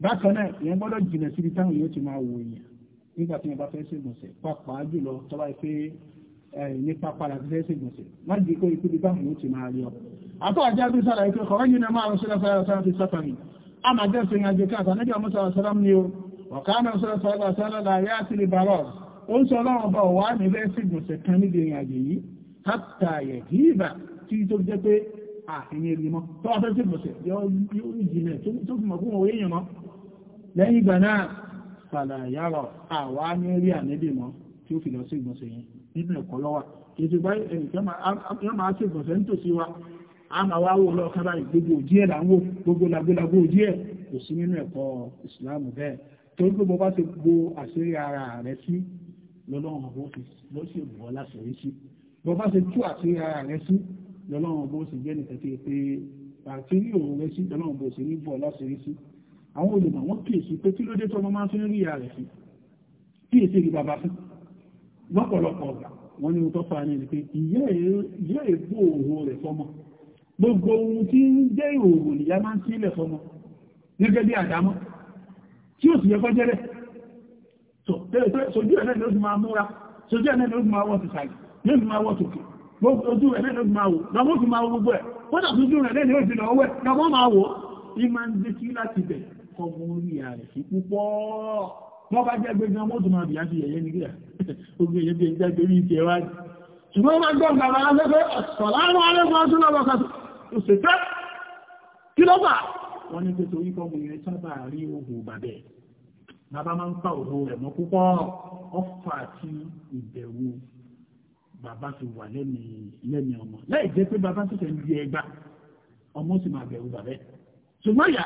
bákan náà èèyàn gbọ́dọ̀ jìnà síbi táwọn yóò ti máa wò èèyàn nígbà tí wọ́n bá fẹ́ ṣègbọ̀nsẹ̀ pàápàá jùlọ tó bá pé ní pápá láti fẹ́ ṣègbọ̀nsẹ̀ má jẹ́ kó ikú bí táwọn yóò ti máa rí ọ. àtọ́ àjẹ́ àbí sára ìpè kọ̀rọ̀ yìí náà máa rọ sílẹ̀ sára sára ti sáfàmì a máa jẹ́ sẹ́yìn àjẹ́ káàtà níbi ọmọ sára sára ní o ọ̀kánà sára sára sára láyé àti lè bàrọ̀ ó lẹ́yìn ìgbà náà fàlà yàrá àwa ní rí ànẹ́bì mọ́ tí ó fi lọ sí ìgbọ̀nsẹ̀ yẹn nínú ẹ̀kọ́ lọ́wà kìí bá ẹ̀yìnkẹ́ máa sí ìgbọ̀nsẹ̀ nítòsí wa a máa wá wò lọ́ọ̀ká báyìí gbogbo òjí ẹ̀ là ń wò gbogbo làgbélagbó òjí ẹ̀ kò sí nínú ẹ̀kọ́ ìsìláàmù bẹ́ẹ̀ torí pé bọ́ bá ti bo àṣírí ara rẹ sí lọ́lọ́run ọ̀bọ̀ ló sì bọ́ láṣẹ̀rí sí bọ́ bá ti tú àṣírí ara rẹ sí lọ́lọ́run ọ̀bọ̀ sì jẹ́ nìkan tí pé àṣírí òun rẹ bọ́ láṣẹ̀rí sí àwọn olùmọ̀ wọ́n kíyèsí pé kí ló dé tọ́mọ máa fi ń rí ààrẹ sí kíyèsí rí bàbá fún lọ́pọ̀lọpọ̀ ọ̀gá wọ́n ní tó fa ní pé ìyá èbó òhò rẹ̀ fọ́mọ gbogbo ohun tí ń jẹ́ ìhòòhò nìyá máa ń sílẹ̀ fọ́mọ gẹ́gẹ́ bí àdámọ́ tí ó sì yẹ kọjẹ́ rẹ̀ ojú rẹ̀ náà ló ti máa wò ó ní láti bẹ̀rẹ̀ kọ́ mú rí ààrẹ sí púpọ̀ wọ́n bá jẹ́ gbé gan mọ́tò máa bìyà sí ẹ̀yẹ́ nígbà ogun èyẹ́ bí ẹjẹ́ gbérí ìṣẹ́ wá ṣùgbọ́n wọ́n gbọ́n bàbá afẹ́fẹ́ ọ̀sọ̀láwọ́ alẹ́kọ̀ọ́ tó lọ́wọ́ kàtó òṣèfẹ́ kí ló bà wọ́n ní pé torí kọ́mù yẹn sábà rí ohun bàbẹ̀ bàbá máa ń pa òhun rẹ̀ mọ́ púpọ̀ ọ̀fà àti ìbẹ̀wò bàbá ti wà lẹ́ni ọmọ láì jẹ́ pé bàbá tó fẹ́ ń di ẹgbà ọmọ sì máa bẹ̀rù bàbẹ́ ṣùgbọ́n yà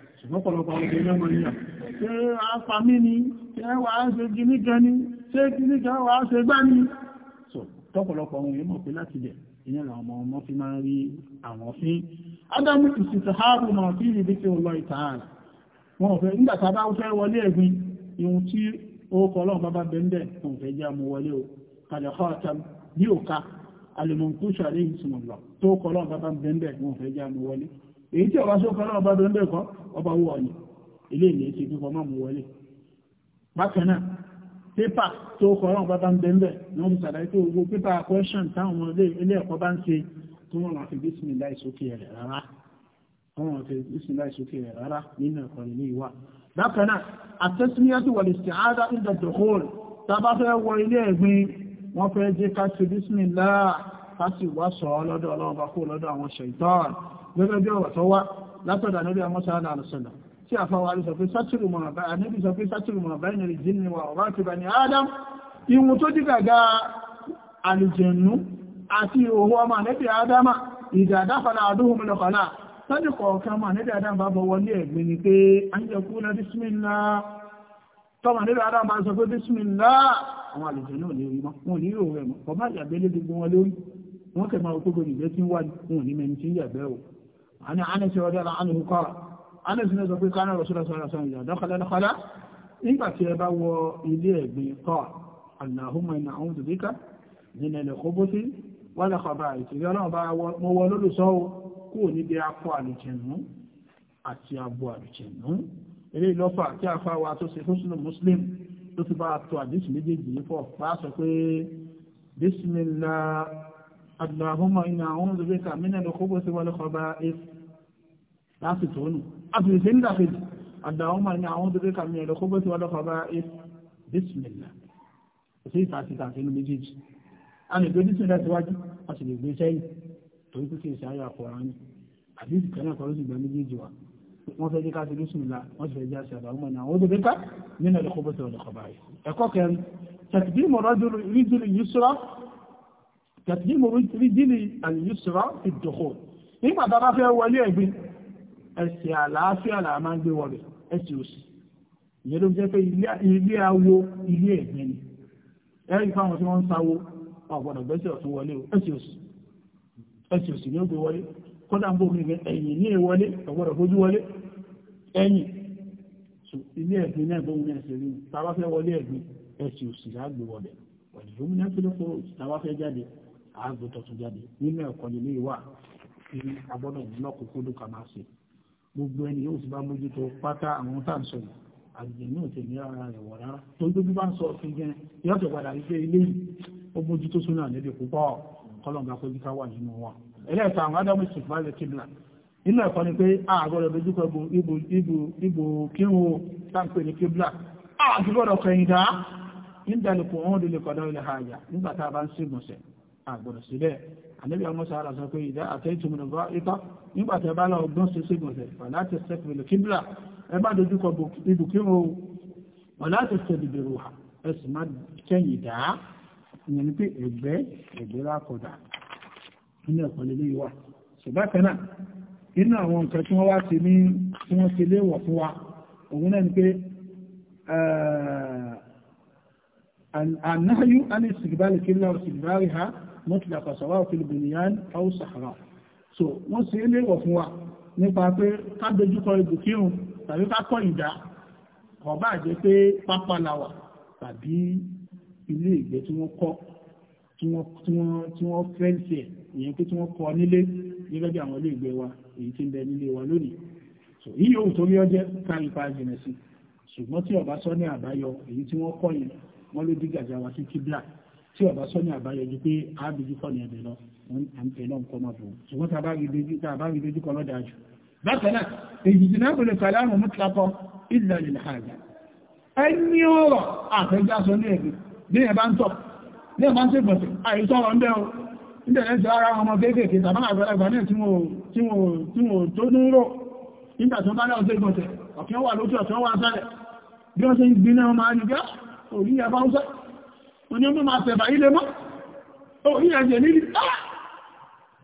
ṣùgbọ́n pọ̀lọpọ̀ àwọn ìgbẹ̀rẹ̀ mọ̀ níyà ṣe àfàmí ni ṣe wà á ṣe gini gan ni ṣe gini gan wà á ṣe gbá ni so tọ́pọ̀lọpọ̀ àwọn èèyàn mọ̀ pé láti dẹ̀ ìyẹn làwọn ọmọ ọmọ fi máa ń rí àwọn fín ádámù ìsì sàárù mọ̀ sí ibi tí ó lọ ìtààrà wọn fẹ́ nígbà tá a bá fẹ́ wọlé ẹ̀gbin ihun tí ó kọ ọlọ́run bábá bẹ ń bẹ̀ wọn fẹ́ jẹ́ o kàlẹ̀ ọ̀tà bí òka alìmọ̀kúṣà lè ń sùn lọ tó kọ ọlọ́run bábá bẹ ń bẹ̀ wọn fẹ́ èyí tí ọba sókọ náà bá dọ́ndẹ̀ kọ́ ọba wọ ọ̀yìn ilé ìlú ti fífọ́ máa mú wọlé bákan náà pépà tó kọ́ náà bá bá ń bẹ́ńbẹ̀ ní wọ́n sàdáyé tó gbogbo pépà question táwọn ọmọ ilé ẹ̀kọ́ bá ń ṣe tí wọ́n máa fi bísímìlá ìsókè rẹ̀ rárá wọ́n máa fi bísímìlá ìsókè rẹ̀ rárá nínú ẹ̀kọ́ ilé ìwà bákan náà àtẹ́símíyàtì wà lè ṣe àádá ìdà dòhóòrè tábà fẹ́ wọ ilé ẹ̀gbin wọ́n fẹ́ jẹ́ ká ṣe bísímìlá ká sì wá sọ ọ́ lọ́dọ̀ ọlọ́run bá kó lọ́dọ̀ àwọn ṣẹ̀tọ́ọ̀rì gẹ́gẹ́ bí ọ̀rọ̀ tó wá látọ̀dà níbi àmọ́sá àlùsọ̀lá tí àfọwọ́ àlùsọ̀ pé sátìrì mọ̀ àbá àníbi sọ pé sátìrì mọ̀ àbá ni ọ̀rọ̀ àti Adam ìwù tó dí gàgà àlùjẹ̀nú àti ìhòhò ọmọ àníbi Adama ìjà dáfàlà àdúhùn mìlọ̀kọ̀lá sọ́dí kọ̀ọ̀kan Adam bá bọ̀ wọlé ẹ̀gbìn ni pé àyẹ̀kú náà bísmìlá tọ́mà nílò ara máa sọ pé bísmìlá àwọn àlejò náà lè rí mọ́ wọn ní ìrò rẹ̀ mọ́ ọmọ عن أنس رضي الله عنه قال أنس نزل كان رسول الله صلى الله عليه وسلم إذا دخل الخلاء nígbà tí ẹ bá wọ ilé ẹ̀gbìn kọ́ àlàhùnmọ̀ iná àwọn òdìdíkà nínú ilẹ̀ kóbótí wọ́n lẹ́kọ̀ọ́bà ìtìrí ọlọ́run bá wọ́n wọ lólùsọ́wọ́ kúrò níbi akọ àlùjẹ̀nú àti abo àlùjẹ̀nú eré ìlọ́fà tí a fa wa tó ṣe húsùnù muslim tó ti bá a tó àdísì méjèèjì yìí fọ́ bá a sọ pé bísímìlá اللهم إنا أعوذ بك من الخبث والخبائث láti tónù àfìsí ńdàfìsí اللهم إنا أعوذ بك من الخبث والخبائث بسم الله sí ìtàsítàsí inú méjèèjì a lè gbé bísí ìdájúwájú a sì lè gbé sẹ́yìn torí kú sí ìṣáyà àkọ̀rán ní àti ìkànnà kan lóṣù ìgbà méjèèjì wa wọ́n fẹ́ jíká sí lóṣù ńlá wọ́n sì fẹ́ jẹ́ àṣà àbáwọn ọmọ àwọn obìnrin ká nínú ẹ̀dọ́kọ́ bó ti ọ̀dọ̀kọ̀ báyìí ẹ̀kọ́ kẹrin tẹ̀sídìí mọ̀rọ́dún rídìí yusra tẹ̀tí mo rí jílì àlùyúsùrọ̀ ti dòkó nígbà tá a bá fẹ́ wọlé ẹ̀gbin ẹsẹ̀ àlàáfíà là máa ń gbé wọlé ẹsẹ̀ òsì ìyẹn ló jẹ́ pé ilé awo ilé ẹ̀gbin ni ẹ̀rí fáwọn tí wọ́n ń sáwó ọ̀gbọ̀dọ̀ gbẹ́sẹ̀ ọ̀tún wọlé ẹsẹ̀ òsì ẹsẹ̀ òsì ni ó gbé wọlé kọ́dà ń bò mí ní ẹ̀yìn ní ìwọlé ọ̀gbọ̀dọ̀ fojú wọlé ẹ̀yìn ilé ẹ̀gbin náà bóun náà ṣe rí tá a bá fẹ́ wọlé ẹ̀gbin ẹsẹ̀ òsì lágbè wọlé wọ̀nyí lómìnà tó lọ́kọ̀ọ́ tá a bá fẹ́ jáde àgbò tuntun jáde nínú ẹ̀kọ́ nílé wa tí a gbọ́dọ̀ ní lọ́kùnkúndùn ká gbogbo ẹni yóò ti bá mójútó pátá àwọn tá à ń sọ àgbègbè náà tẹ̀ ní ara rẹ̀ wọ̀ rárá tó ń bá ń sọ fún jẹ́ yóò tẹ̀ padà wípé ilé yìí ó mójútó súnà níbi púpọ̀ kọ́lọ̀ǹgà wà nínú wọn adamu sì kíbla nínú ẹ̀kọ́ ni pé kírun táǹpẹ̀ ní kíbla àgbọ̀dọ̀ síbẹ̀ ànábì ọmọsá ara sọ pé ìdá àtẹ́tùmùnà bá ipá nígbàtí ẹ bá lọ ọgbọ́n sí sígbọ̀nsẹ̀ fàláti sẹ́kùnlẹ̀ kíbla ẹ bá dojúkọ ibùkírò fàláti sẹ́bìbìrò ẹ̀sì má kẹ́yìn dá ìyẹn ni pé ẹgbẹ́ ẹgbẹ́ mọ́tìlápà sọ̀rọ̀ fìlìbìnìyàn au sahara so wọ́n sì léwọ̀ fún wa nípa pé ká dojúkọ ibùkírùn tàbí ká kọ́ ìdá ọ̀bá jẹ́ pé pápá la wà tàbí ilé ìgbé tí wọ́n kọ́ tí wọ́n fẹ́ǹsì ẹ̀ ìyẹn pé tí wọ́n kọ́ nílé gẹ́gẹ́ bí àwọn ilé ìgbé wa èyí tí ń bẹ nílé wa lónìí so yíyí ohun tó rí ọjẹ́ kárí pa jìnà sí ṣùgbọ́n tí ọba sọ ní àbáyọ èyí tí wọ́n kọ́ yẹn wọ́n ló dí gàjà wa sí kíblà tí ọba sọ́nà àbáyọ ju pé ábìjú fọ́nà ẹ̀bẹ̀ lọ wọn à ń tẹ̀ náà kọ́ máa bò ṣùgbọ́n tá a bá rí dojú tá a bá rí dojú kọ́ lọ́dà jù. bákan náà èyí ti náà gbọdọ̀ kàlẹ́ àrùn mútlakọ ìlà ìlà àjà. ẹni ọ̀rọ̀ àfẹ́já sọ ní ẹ̀bí bí ẹ bá ń tọ̀ bí ẹ bá ń ṣe gbọ̀nsẹ̀ àìsọ ọ̀rọ̀ ń bẹ́ o níbẹ̀ lẹ́sẹ̀ ara ọmọ kéékèèké tàbí àgbàlagbà náà tí wọn tó ń rò nígbà tó bá náà ṣe gbọ̀nsẹ̀ ọ̀kẹ́ wà lókè ọ̀kẹ́ wà sálẹ̀ bí wọ́n òní ọmọ máa tẹ̀bà ilé mọ́ orí ẹ̀jẹ̀ nílì ah!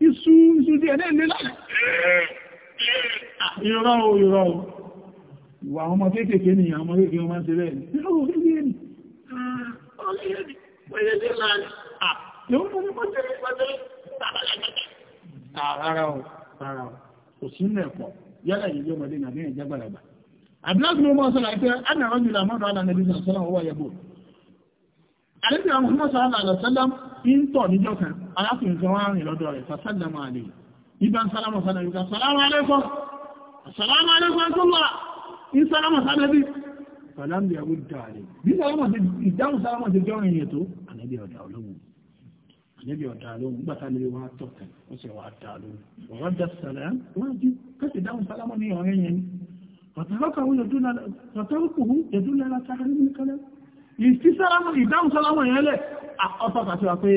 iṣu iṣu díẹ̀ ní ilé láàrẹ̀ ìrọ̀ ah, o ìrọ̀ o ìwà ọmọ kéèkéé ni àwọn kéèkéé ọmọ ti rẹ̀ Àbúlá tí mo mọ́ sọ́lá ìpẹ́, a nà rọ́jùlá mọ́dọ̀ alànàbí sọ́lá ọwọ́ yẹ bóòlù. Àlébí àwọn Muhammad sallallahu alaihi wasallam ń tọ̀ níjọ́ kan, alákùnrin kan wá rìn lọ́dọ̀ rẹ̀, fàṣàdàmà àlè. Ibá ń sálámà sálẹ̀ yóò ká, Sàlámà alẹ́kọ́, Sàlámà alẹ́kọ́ ń tó wà, ń sálámà sálẹ̀ bí. Sàlámà yà wúdà àlè. Bí sálámà ti ìdáhùn sálámà ti jọ́ rìn ètò, àlébí ọ̀dà olóhùn. Àlébí ọ̀dà olóhùn, gbàtà lè wá tọ̀ kan, ó dà lóhùn. Ọ̀rọ̀ dà sàlẹ̀ wájú, kẹ́sì dáhùn sálámà ní ọ̀rẹ́ yẹn. Fàtàrọ́kà ìsísáramù ìdáhùn sáramù yẹn lẹ̀ ọ̀tọ̀ kàtí wa pé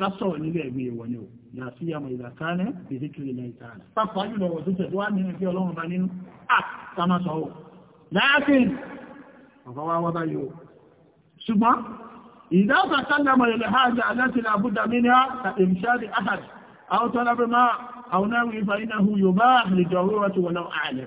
lásọ̀rọ̀ nílé ẹ̀gbẹ́ ìwọ̀ ni o yàtí àmọ̀ ìdàkánẹ́ ìdíkiri ilẹ̀ ìtààlà pápá jùlọ wọ̀ tó tẹ̀dọ́ ní ẹgbẹ́ ọlọ́run bá nínú àtàmásọ̀ ọ̀ láàkín ọ̀gá wá wọ́dá yóò ṣùgbọ́n ìdáhùn sáramù ilẹ̀ hajj aláti làbúdà mínira ta ìmṣáàdì ahad àwọn tọ́lábẹ́ máa àwọn náà wífa iná hu yóò bá àlejò rúra ti wọ́n náà àlẹ́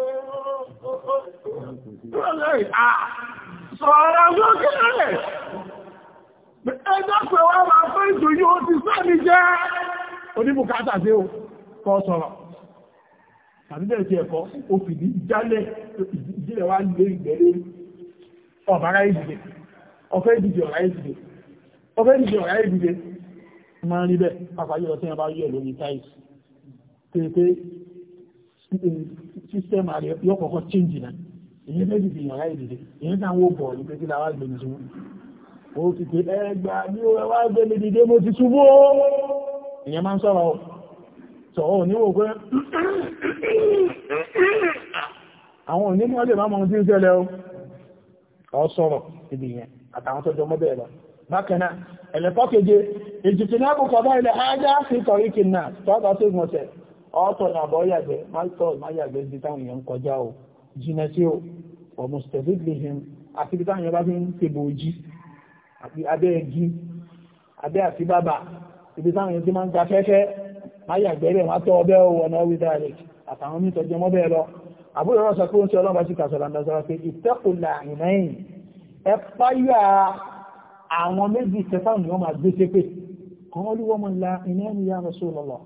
Ah, sọ̀rọ̀ lókè rẹ̀. Ẹjọ́ pé wá máa fẹ́ ìtò yóò ti sẹ́ni jẹ́ oníbùkátà sí o, kọ́ sọ̀rọ̀. Tàbílẹ̀ ti ẹ̀kọ́, ó fi ní ìjálẹ̀ ìjílẹ̀ wá lé ìgbẹ̀rẹ̀ ọ̀bára ìdìde, ọ̀fẹ́ ìdìde ọ̀rá ìdìde, ọ̀fẹ́ ìdìde ọ̀rá ìdìde, máa ń rí bẹ́ẹ̀, pàpàá yóò tí wọ́n bá yẹ̀ lórí táìsì, pé pé system ààrẹ yóò kọ́kọ́ change náà èyí méjì fi yàrá ìdìde èyí náà wó bọ̀ ní pẹ́kí láwá gbẹ̀mí sí wọn ó ti pé ẹgbà ní ó wá gbẹ̀mí dìde mo ti ṣubú ìyẹn máa ń sọ̀rọ̀ ọ̀ sọ ọ̀ níwò pé àwọn onímọ̀ lè má mọ ohun tí ń ṣẹlẹ̀ ọ ọ sọ̀rọ̀ ibi yẹn àtàwọn tó jọmọ́ bẹ́ẹ̀ lọ bákan náà ẹ̀lẹ́kọ́ keje èjìtì náà kò kọ̀ bá ilẹ̀ ájá sí kọ̀ríkì náà tọ́ta tó gbọ̀nsẹ̀ ọ̀tọ̀ ní àbọ̀ yàgbẹ́ maltol má yàgbẹ́ ibi táwọn èèyàn kọjá o jìnà sí o ọmọ stẹ̀fíkìlìhìn àti ibi táwọn èèyàn bá fi ń tèbò ojí abẹ́ ẹ̀gí abẹ́ àti bàbà ibi táwọn èèyàn ti máa ń ta fẹ́fẹ́ má yàgbẹ́ rẹ̀ má tọ́ ọbẹ̀ ọ̀nà wíwáyẹ̀ àtàwọn mítọ̀jẹ́ mọ́ bẹ́ẹ̀ lọ àbúrò rọ̀ sọ pé ó ń ṣe ọlọ́ba ni wọ́n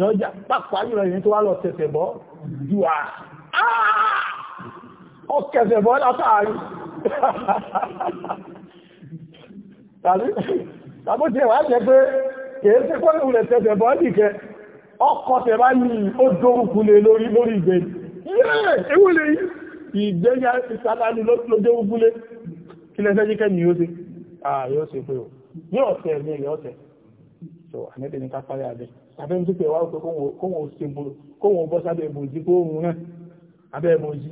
yọjá pàpàá jùlọ ìyẹn tó wá lọ tẹ̀sẹ̀ bọ́ ju à ó kẹsẹ̀ bọ́ látàrí tàbí tàbí tí wà jẹ́ pé kèé sí pọ́lù rẹ̀ tẹ̀sẹ̀ bọ́ nìkẹ́ ọkọ̀ tẹ̀bá ní ó dórúkú lè lórí lórí ìgbẹ́ yẹ́ ewúlé ìgbẹ́yà ìsàlánì lójógúkú lé kí lẹ́sẹ́ jíkẹ́ ni yóò sí ààyọ́ sí pé ò yóò tẹ̀ tàbí ní títẹ̀ wá pé kóhun bọ́ sábẹ́ ìbòjì kó oòrùn náà abẹ́ ìbòjì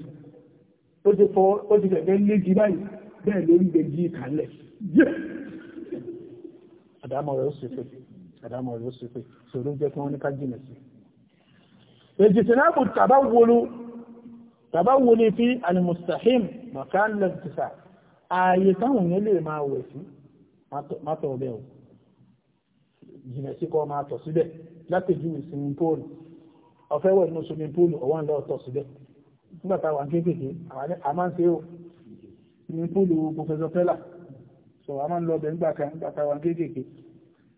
ó ti fọ́ ó ti fẹ̀fẹ́ léjì báyìí bẹ́ẹ̀ ló ń gbèjì kalẹ̀ àdámọ̀ rẹ̀ ó sì pé àdámọ̀ rẹ̀ ó sì pé ṣòro jẹ́ kí wọ́n ní ká jìnà sí èjìtì náà kò tàbáwọlé fi alimusahim makan lẹ́tìsà ààyè táwọn yẹn lè máa wẹ̀ sí mátọ̀ bẹ́ẹ̀ jìnà sí kọ́ máa tọ̀ síbẹ̀ lápèjúwe swimming pool ọ̀fẹ́ wẹ̀ nínú swimming pool ọ̀wọ́n lọ tọ̀ síbẹ̀ nígbà táwọn akékèké a máa ń ṣe ó swimming pool professor fela so a máa ń lọ bẹ̀ nígbà kan nígbà táwọn akékèké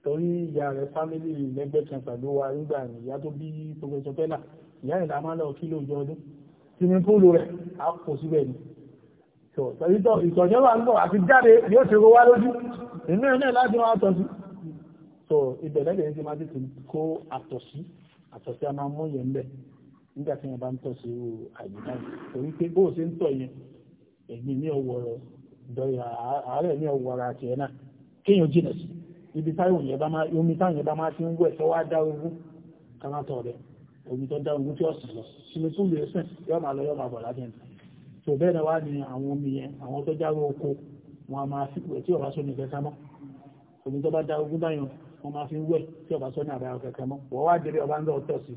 torí ìyá rẹ̀ fámílì lẹ́gbẹ̀ẹ́ kan pẹ̀lú wa nígbà ìyá tó bí professor fela ìyá ìlà máa lọ kí lóòjọ́ ọdún swimming pool rẹ̀ á kò síbẹ̀ ni ìtọ̀jọ́ wà ń bọ̀ àti jáde yóò ṣe wá lójú inú ẹ̀ náà láti wá tọ̀ sí so ibẹ̀ lẹ́gbẹ̀ẹ́ ti máa ti kó àtọ̀sí àtọ̀sí a máa mú yẹn bẹ̀ nígbà tí wọ́n bá ń tọ̀ sí irú àyè náà torí pé bó o ṣe ń tọ̀ yẹn ẹ̀gbìn ní ọwọ́ rẹ̀ dọ̀yà àárẹ̀ ní ọwọ́ ara tiẹ̀ náà kéèyàn jìnà sí ibi táwọn yẹn bá máa omi táwọn yẹn bá máa ti ń wẹ̀ tó wá dá orú ká má tọ̀ rẹ̀ omi tó dá orú tí ó sàn lọ sinmi tún lè sàn yọ máa lọ yọ máa bọ̀ lábẹ́ nìkan tó bẹ́ẹ̀ náà wá ní àwọn omi yẹn àwọn tó jáwé oko wọn a máa fi wẹ̀ tí ọ̀rá sómi kẹta bá dá wọ́n máa fi ń wẹ̀ tí ọba sọ́nà àbáyọ kẹ̀kẹ́ mọ́ wọ́n wá débẹ̀ ọba ń lọ tọ̀ sí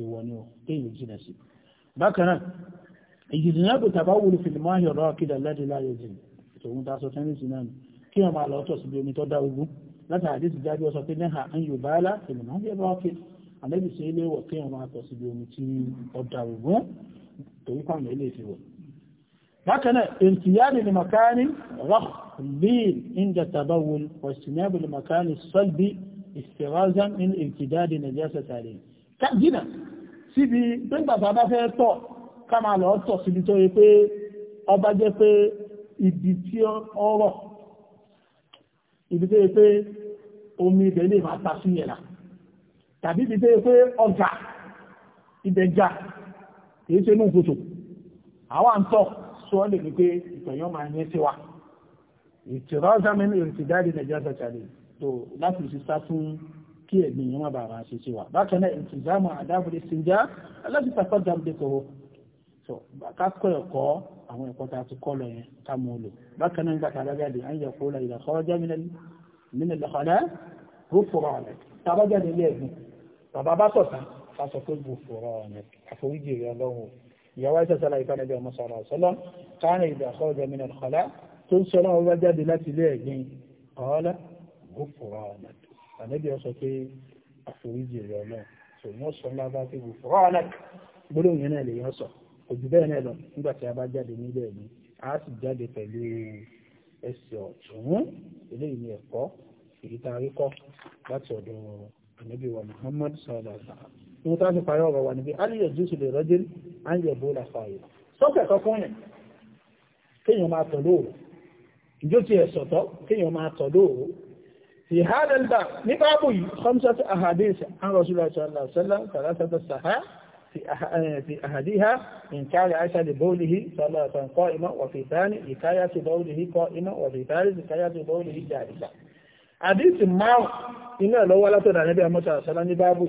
ìwọ̀ ni ó kéèyàn jìnà sí. bákan náà ìjìnlẹ̀ kò tàbá wúlò fìlìmọ́ ayọ̀rọ̀ akídà lẹ́dí láyé jìn tòun ta tẹ́nìsì náà ni kí wọ́n máa lọ tọ̀ síbi omi tó dá ogun láti àdéhùn jáde ọsọ pé náà ń yóò báálá fìlìmọ́ ayọ̀rọ̀ akídà àlẹ́bìsẹ̀ ilé wọ̀ kí wọ́n máa tọ̀ síbi omi tí ó ogun torí pàmò ilé ìfìwọ̀ bákanáà ìntìyàdì ní makani raflin inda tabawul wasinabu ní makani salbi istirazan ní ìtìdádi najasa tare ká jìnà síbi gbẹ́gbàtà bá fẹ́ tọ̀ ká máa lọ tọ̀ síbi tó yẹ pé ọba jẹ́ pé ibi tí ọrọ̀ ibi tó yẹ pé omi ibẹ̀ lè máa ta sí yẹ̀lá tàbí ibi tó yẹ pé ọjà ibẹ̀ já kìí ṣe ní òkútù àwọn àǹtọ̀ sọ lè ní pé ìtọ̀yọ́ máa yẹ́ sí wa ìtìrọ́sàmì ìrìtìjáde nàìjíríà sàtàlẹ̀ tó láti sísá fún kí ẹ̀gbìn yẹn má bàa ṣe sí wa bákan náà ìtìjámù àdáfúrí síjá aláti tàkọ́ jàmdé so ká kọ́ ẹ̀kọ́ àwọn ẹ̀kọ́ tá a ti kọ́ lọ yẹn ká mú lò bákan náà gbàtà alájáde à ń yẹ kó la ìlà kọ́ jẹ́ nínú ìlẹ̀kọ̀lẹ́ rúfùrọ̀ rẹ̀ tàbájáde ilé ẹ̀gbìn bàbá ìyàwó àìsàn sálàyé kan ẹgbẹ́ ọmọ sọ̀rọ̀ ọ̀sọ́lọ́ káàrin ìgbà àkọ́jọ mi náà kọ́lá tó ń sọ́lọ́ ọba jáde láti ilé ẹ̀gbìn ọ̀ọ́lá gbófòrò ọ̀nà ànẹ́bí ọ sọ pé àforíjì rẹ̀ ọlọ́run tó wọ́n sọ ńlá bá fi gbófòrò ọ̀nà gbólóhùn yẹn náà lè yọ sọ òjò bẹ́ẹ̀ náà lọ nígbà tí a bá jáde nílé ẹ̀gbìn a sì jáde pẹ̀lú ẹsẹ̀ ọ̀tún eléyìí ni ẹ̀kọ́ èyí tá a rí kọ́ láti ọ̀dọ̀ ànẹ́bí wa Muhammad sallallahu alaihi wa sallam ìwọ́n tó láti parí ọ̀rọ̀ wà níbi aliyah jésù lè rọ́jẹ́ aliyah bó la fààyè sọ́kẹ̀ kọ́kọ́ yẹn kéèyàn máa tọ̀ lóòrò ìjó ti ẹ̀ sọ̀tọ̀ kéèyàn máa tọ̀ lóòrò fi hada al bab ní báàbù yìí khamsat ahadith an rasulullah sallallahu alaihi wasallam thalathata saha في أحدها إنكار عيسى لبوله صلاة قائمة وفي ثاني إكاية بوله قائمة وفي ثالث إكاية بوله جالسة حديث ما إن الأول تدعى النبي محمد صلى الله عليه وسلم بابه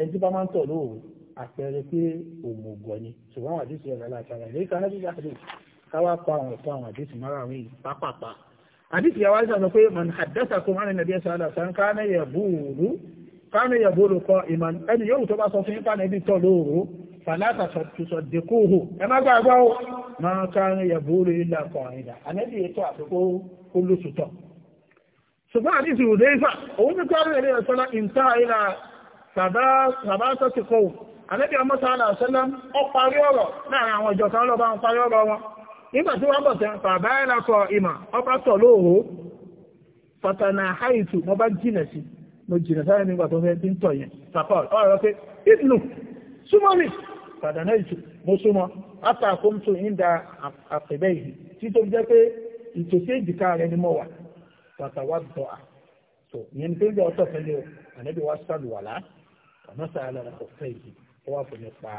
ẹni tí bá máa ń tọ̀ lóòrò àpẹẹrẹ pé òmùgọ̀ ni ṣùgbọ́n àwọn àdìsí ọ̀rọ̀ aláàtàrà ilé ìka náà jíjà àdìsí káwá pa àwọn ọ̀pọ̀ àwọn àdìsí márààrún yìí pápápá àdìsí yàwá sọ pé man haddasa kó máa ń nàbí ẹsẹ̀ aláàtà ń káná yẹ búrú káná yẹ búrú kọ ìmàn ẹni yóò tó bá sọ fún yípa nàbí tọ̀ lóòrò fàlàtà tùsọ̀ dẹkóhò ẹ má gbàgbọ́ o máa káná yẹ búrú ilé akọ àyìnlá ànẹ́bí ètò àfikó olóṣùtọ̀ ṣùgbọ́n àdìsí òdeifa sàbátọ́ ti kò àlẹ́bí ọmọ sáàlá ọ̀sẹ́lẹ́m ọ parí ọ̀rọ̀ láàrin àwọn ìjọ kan lọ́bá ń parí ọ̀rọ̀ wọn nígbà tí wọ́n bọ̀ tẹ́ bàbá ẹ̀lá kọ ìmà ọba tọ̀ lóòrò fatana haitu mo bá jìnà sí mo jìnà sáré nígbà tó fẹ́ tí ń tọ̀ yẹn sapọ́l ọ̀rọ̀ pé ìlú súnmọ́ mi fatana ìtù mo súnmọ́ afàkóńtò ìdá àpẹ̀bẹ́ yìí tí tó jẹ́ pé ìtòsí èjìká rẹ̀ ni mo wà pàtàwà dọ̀à so ìyẹn ni pé ń bẹ ọtọ̀ fẹ́lẹ́ o ànẹ́bí wa sálùwàlá àmọ́sà alára kò fẹ́ yìí ó wà fún nípa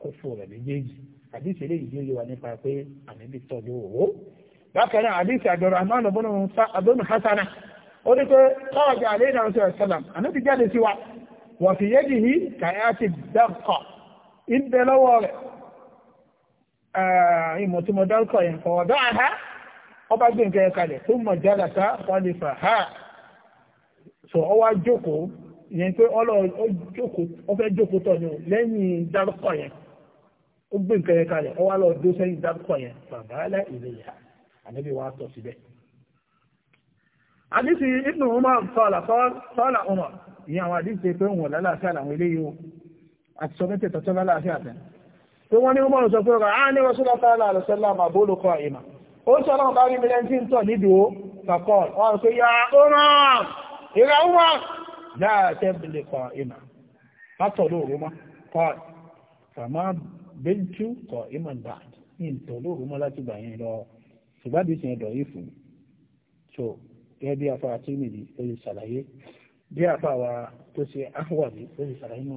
kófò rẹ̀ méjèèjì àdìsí eléyìí yóò yé wa nípa pé ànábì tọ́jú òwò. bákan náà àdìsí àgbẹ̀rọ àmọ́nà bọ́nà hasana ó ní pé káwàjà àlẹ́ ìdáhùn sí ọ̀sálàm ànábì jáde sí wa wọ́n fi yẹ́dì yìí kàyà ti dákọ̀ ìbẹ̀ lọ́wọ́ rẹ̀ ìmọ̀ tí mo dákọ̀ yẹn fọwọ́dọ́ àhá ọba gbé kalẹ̀ tó mọ̀ jálàta wọ́n so ọwá jókòó ìyẹn pé ọlọ́ọ̀ fẹ́ jókòó tọ̀ ni o lẹ́yìn dárúkọ yẹn ó gbé nǹkan yẹn kalẹ̀ ọwọ́ lọ dó sẹ́yìn dárúkọ yẹn bàbá alẹ́ ilé yà wa tọ̀ síbẹ̀. àdìsí ibnu umar sọ̀là sọ̀là umar ìyẹn àwọn àdìsí pé òun lálàáfíà làwọn eléyìí o àti sọ mẹ́tẹ̀ẹ̀tọ̀ tó lálàáfíà tẹ̀. tó wọ́n ní umar sọ pé ọ̀rọ̀ àá ní rasulullah alẹ́sẹ́lá máa bó lóko láàtẹ́ bìlẹ̀ kọ̀ ìmà látọ̀lú òru mọ́ kọ́ fàmà bẹ́ntú kọ̀ ìmà ń bà ní ìtọ̀lú òru mọ́ láti gbà yẹn lọ ṣùgbọ́n bí ìsìn ẹ̀dọ̀ yìí fún so gẹ́gẹ́ bí afọ àti ìmìlì ó lè ṣàlàyé bí afọ àwa tó ṣe afọwàbí ó lè ṣàlàyé nù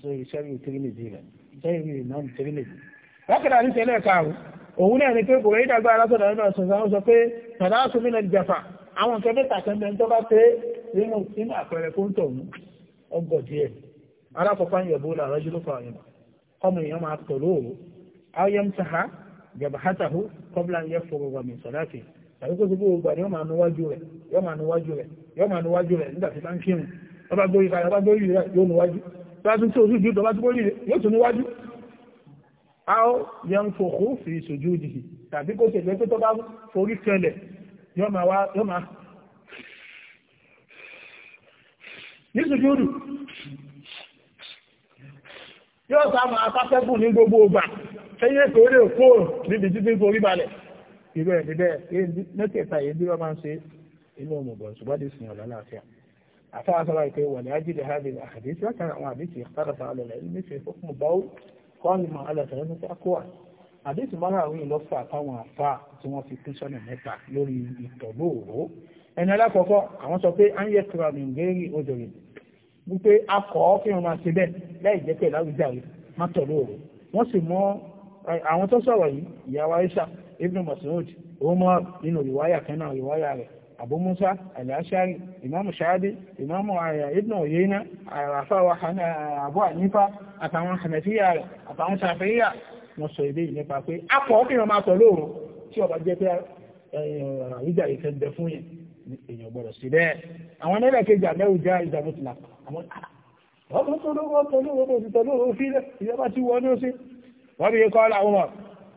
sórí sẹ́rí tìrìmìlì rẹ̀ sẹ́rí náà tìrìmìlì. wákàtí àti tẹ́lẹ̀ karùn-ún òun náà ni pé kò rí dàgbà alásọ̀dọ̀ nínú ọ̀sán sọ pé tàdá àwọn nǹkan mẹ́ta kan mẹ́rin tó bá pé nínú nínú àpẹẹrẹ kó ń tọ̀ mú ọgọ̀ díẹ̀ alákọ̀ọ́kọ́ ń yẹ̀bó làrá jùlọ fún àyàn ọmọ èèyàn máa tọ̀ lóòrò ayọ́m taha jabahatahu kọ́bla ń yẹ fọ̀rọ̀ wà mí sọ̀láàtì tàbí kó gbogbo ògbà ni yọ́ máa níwájú rẹ̀ yọ́ máa níwájú rẹ̀ yọ́ máa níwájú nígbà tí bá ń kírun ọba gbórí kalẹ̀ ọba gbórí rẹ̀ yóò níwájú bá tún tó ojú ìdí tó gbórí rẹ̀ yóò tún níwájú. a ó yẹn fòkó fi ìṣojú dìhì tàbí kó ṣe pé tó bá forí kẹlẹ̀ yóò máa wá yóò máa ní sùjúdù yóò sá máa e ní gbogbo ọgbà ẹyẹ tó lè kó níbi títí forí balẹ̀ ìrọ̀ ẹ̀ mẹ́tẹ̀ẹ̀ta yìí wọ́n máa ń inú àdéhùn márààrún lọ́fà táwọn àfà tí wọ́n fi pín sọ́nà mẹ́ta lórí ìtọ̀lú òró ẹni alákọ̀ọ́kọ́ àwọn sọ pé à ń yẹ kíra mi gẹ́rì odòrè wípé akọ̀ kí wọ́n máa ṣe bẹ́ẹ̀ láì jẹ́ pé láwùjá rẹ̀ má tọ̀lú òró wọ́n sì mọ́ àwọn tó sọ̀rọ̀ yìí ìyàwó Aisha Ibn Mas'ud Umar nínú ìwáyà kan náà ìwáyà rẹ̀ Abu Musa al-Ash'ari Imam Shadi Imam Ibn Uyayna àràfáwà Abu Hanifa àtàwọn Hanafiya rẹ̀ àtàwọn Shafi'iyya wọ́n sọ eléyìí nípa pé akọ̀ kéèyàn máa sọ lóòrò tí ọba jẹ́ pé ìjà ìfẹ́ bẹ fún yẹn èèyàn gbọ́dọ̀ sí bẹ́ẹ̀ àwọn ẹlẹ́dẹ̀ kejì àbẹ́wò já ìjà bó ti là àwọn ọmọ tó lówó tó lówó tó ti tọ́lówó fílẹ̀ ìjọba ti wọ́n ní ó sí wọ́n bí kọ́ láwọn ọmọ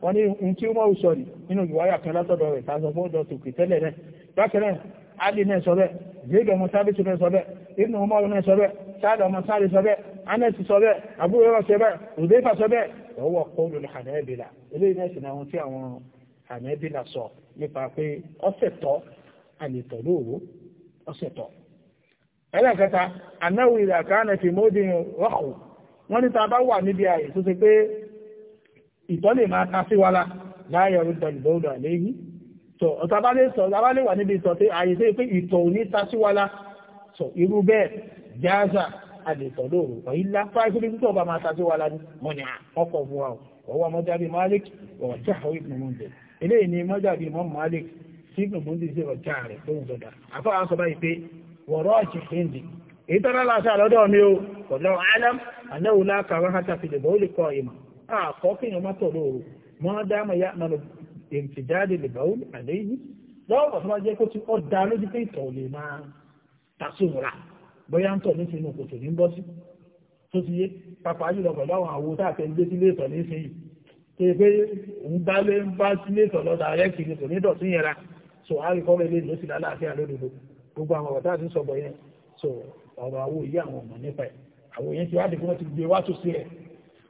wọ́n ní ohun tí ó mọ́ sọ ní nínú ìwáyà kan látọ̀dọ̀ rẹ̀ tàbí ọjọ́ tòkè tẹ́lẹ̀ rẹ̀ bákẹ́rẹ̀ alì náà sọ bẹ́ẹ̀ zéèdì ọmọ sábẹ́sì náà sọ bẹ́ẹ̀ ibùn ọmọ náà sọ bẹ́ẹ̀ sáàdì ọmọ sáàdì sọ bẹ́ẹ̀ anẹ́sì sọ bẹ́ẹ̀ àbúrò rẹ̀ sọ bẹ́ẹ̀ òdèfà sọ bẹ́ẹ̀ wọ́wọ́ kọ́ọ̀lù ní hànẹ́bìlà eléyìí náà sì ni àwọn tí àwọn hànẹ́bìlà sọ nípa pé ọ̀sẹ̀ tọ́ àlètọ̀ lóòrò ọ̀sẹ̀ tọ́. ẹlẹ́kẹta anáwó ìlà kánà fi módì rọ́ọ̀kù wọ́n ní ta bá wà níbi ààyè tó ti pé ìtọ́ lè máa ta sí wa la láàyè ọ̀rọ̀ ìdàlùbọ̀ọ̀dọ̀ àléyìn so ọ̀tá bá lè sọ ọ̀tá bá wà níbi ìtọ̀ tí ààyè tó pé ìtọ̀ ò ta sí wa la so irú bẹ́ẹ̀ jáza àlèsọ̀ lóòrò ọ̀yílá fáìsílẹ̀ tí ọba máa ṣàtí wa lánú mọ́ni ọkọ̀ fún wa ọwọ́ mọ́jábí malik ọ̀já àwọn ìpín mọ́ndẹ̀ eléyìí ni mọ́jábí mọ́ malik sí ìpín mọ́ndẹ̀ sí ọjà rẹ̀ tó ń sọ̀dà afọ́wà sọ báyìí pé wọ̀rọ̀ ọ̀jì fíndì èyí tó rálá sí àlọ́dọ̀ mi o ọ̀lọ́ alam anáwó lákàrọ̀ hátà fi lèbọ̀ ó lè kọ ìmọ̀ àkọ́ lọ́wọ́ tó máa jẹ́ kó ti ọ̀dà lójú pé ìtọ̀ lè máa tasùn rà bóyá ń tọ̀ ní kò sì ní bọ́ sí tó ti yé pàpà jùlọ pẹ̀lú àwọn àwo tá àfẹ́ gbé sílé ìtọ̀ nísìnyí tó yẹ pé òun bá lé ń bá sílé ìtọ̀ lọ́dà rẹ̀ kiri kò ní dọ̀tí yẹn ra so a rí kọ́rọ̀ ilé ìlú sí lálàáfíà lódodo gbogbo àwọn ọ̀tá àti sọ̀bọ̀ yẹn so ọ̀rọ̀ àwo yìí àwọn ọ̀mọ̀ nípa ẹ̀ àwo yẹn ti wádìí wọ́n ti gbé wá tó sí ẹ̀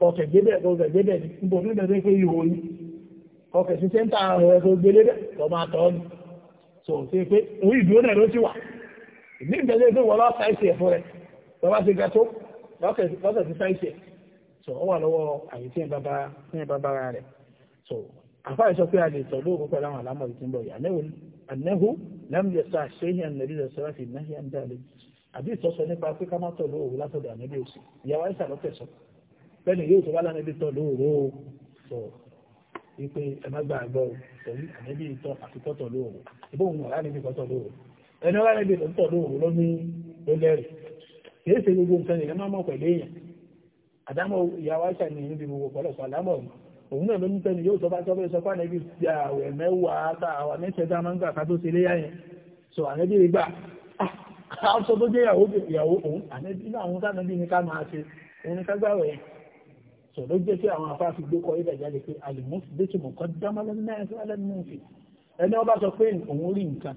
ọkẹ̀ gbébẹ̀ ọkẹ̀ gbébẹ̀ ní gbogbo nígbà tó pé ihò yìí ọkẹ̀ sí sẹ́ńtà ọ̀rọ̀ tó gbélé bẹ̀ lọ́ máa tọ́ ni so ṣe pé òun ìdúró náà ló ti wà ìdí ìgbẹ́jẹ́ tó wọ́n lọ́ọ́ sáìsì ẹ̀ fún rẹ̀ lọ́wọ́ ti ga tó lọ́sẹ̀ ti sáìsì ẹ̀ so ó wà lọ́wọ́ àyè tí rẹ̀ so àfáà sọ pé a lè sọ lóògùn pẹ̀lú àwọn àlámọ̀ ìtìǹbọ̀ yìí ànẹ́hù lẹ́mìẹ̀sà ṣéyìn ànẹ́rí rẹ̀ sọ́rọ́ fi náà ń dálé àbí ìtọ́sọ nípa pé ká má tọ̀ lóòrùn látọ̀dọ̀ ànẹ́bí òsì ìyàwó àìsàn lọ́tẹ̀ sọ bẹ́ẹ̀ni yóò tó wá lánàbí tọ̀ lóòrùn ó wípé ẹ má gbà gbọ́ pẹ̀lú ẹni ọlá níbi tó ń tọ̀ lóòrùn ló ní ló lẹ́rìí kìí ṣe gbogbo nǹkan ìyẹn máa mọ̀ pẹ̀lú èèyàn àdámọ̀ ìyàwó àṣà ni ìyẹn ti gbogbo pọ̀lọpọ̀ àdámọ̀ òun náà ló ní tẹ́ni yóò sọpá sọpá sọpá nẹ́bí àwẹ̀ mẹ́wàá àwà mẹ́sẹ̀dá máa ń gbà ká tó ṣe léyà yẹn so ànẹ́bí rí gbà áṣọ ah, tó jẹ́ ìyàwó ìyàwó òun ànẹ́bí náà àwọn sànẹ́bí ní ká máa ṣe òun ní ká gbàwẹ̀ yẹn so ló jẹ́ kí àwọn afá fi gbé kọ ìdà jáde pé àlùmọ́sí dé tí mo kọ́ dámọ́lẹ́mẹ́sẹ̀ ẹni ọba sọ pé òun rí nǹkan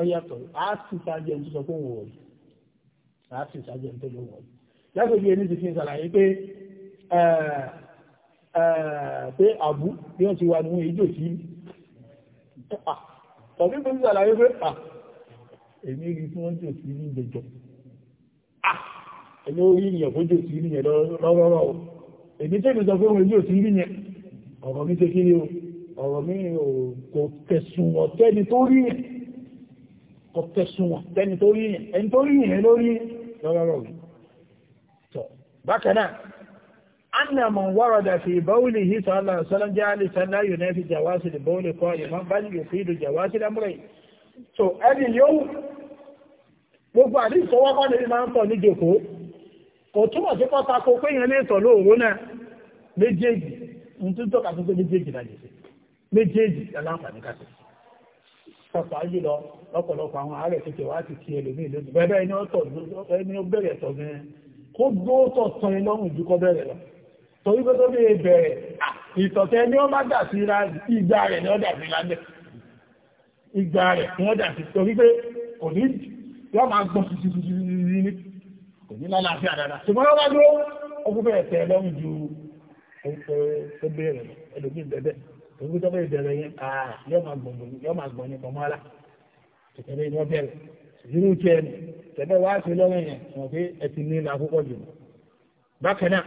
ọyàtọ̀ áàtì sáájú ẹni wọ̀nyí áàtì sáájú ẹni wọ̀nyí lẹ́sọ̀ bí ẹni ti fi ṣàlàyé pé pé àbú bí wọ́n ti wà nínú ìjò sí ọ̀bí tó ti ṣàlàyé pé èmi rí tí wọ́n jò ní ìjẹjọ ẹni ó rí ìyẹn kó ní ìyẹn lọ́rọ́rọ́ o èmi tó ti sọ pé òun ní ìyẹn ọ̀rọ̀ mi ṣe kí ni o ọ̀rọ̀ mi kò kẹsùn ọ̀tẹ́ni tó rí yẹn kọ fẹ̀sùn wọn tẹni tó rí yẹn ẹni tó rí yẹn lórí lọ́rọ̀rọ̀ rí tọ́ bákanáà anna man warada fi bawlihi sallallahu alaihi wasallam jalisan la yunafi jawaz al bawl qa'iman da yufidu jawaz al amrayn so ẹni yóò gbogbo àdíṣọ́ wọ́pọ̀ níbi máa ń tọ̀ ní jòkó kò túnmọ̀ sí pọ́ta kó pé yẹn lè tọ̀ lóòrò náà méjèèjì ń tún tọ́ka tó tó méjèèjì lájẹsẹ̀ méjèèjì aláǹfààní kásẹ̀ pàpà jùlọ lọ́pọ̀lọpọ̀ àwọn ààrẹ tètè wá ti ti ẹlòmí lónìí bẹ́ẹ̀ ẹni ọ̀tọ̀ ẹni ó bẹ̀rẹ̀ tọ̀ gan kó gbóòtọ̀ tán lọ́rùn ju kọ́ bẹ̀rẹ̀ lọ torí pé tó bí bẹ̀rẹ̀ ìtọ̀tẹ́ ni ó má dà sí ra ìgbà rẹ̀ ni ó dà sí lábẹ́ ìgbà rẹ̀ ni ó dà sí torí pé kò ní yọ máa gbọ́n títí kò ní lálàáfíà dáadáa ṣùgbọ́n lọ́wọ́ dúró ó kú bẹ̀rẹ̀ tẹ̀ lọ́rùn ju ẹgbẹ́ rẹ̀ ẹlòmí bẹ̀rẹ̀ torí tó bẹ́ẹ̀ bẹ̀rẹ̀ yẹn àà yọ́ máa gbọ̀n ní pọ̀mọ́lá tẹ̀tẹ̀lé ni wọ́n bẹ̀rẹ̀ nínú tí ẹni tẹ̀lé wá sí lọ́rọ̀ yẹn wọ́n pé ẹ ti ní ilà púpọ̀ jù bákan náà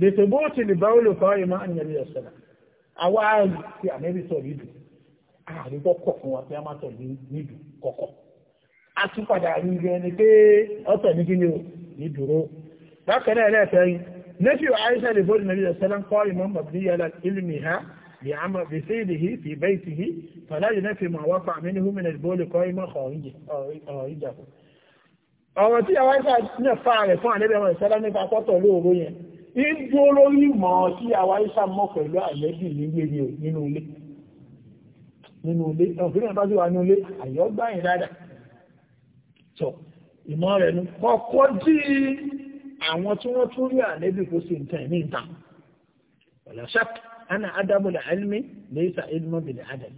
lètò bó ti lè bá olè fọ́ ìmọ̀ àníyànjú ẹ̀sẹ̀ àwa àrùn tí àmẹ́bí sọ yìí dùn àrùn tó kọ̀ fún wa pé a máa sọ yìí dùn kọ̀kọ̀ a tún padà rí ibi ẹni pé ọ̀sẹ̀ ní بعمل بسيده في بيته فلا ينفي ما وقع منه من البول قائمة خارجه ọ̀rọ̀ tí àwọn ìfà ní ẹ̀fà rẹ̀ fún àlẹ́bẹ̀ ọmọ ìṣẹ́lá nípa pọ́tọ̀ lóòrò yẹn ìjú olórí mọ̀ sí àwọn ìṣà mọ́ pẹ̀lú àlẹ́bì nínú ilé nínú ilé ọ̀fíìnà bá sí wà ní ilé àyọ́gbà ìdáadáa tọ̀ ìmọ̀ rẹ̀ nú kọ́kọ́ dí àwọn tí wọ́n tún rí àlẹ́bì kó sí ìtàn ní ìtàn ọ̀làṣẹ́kù ana adamu la ilmi laysa ilmu bil adam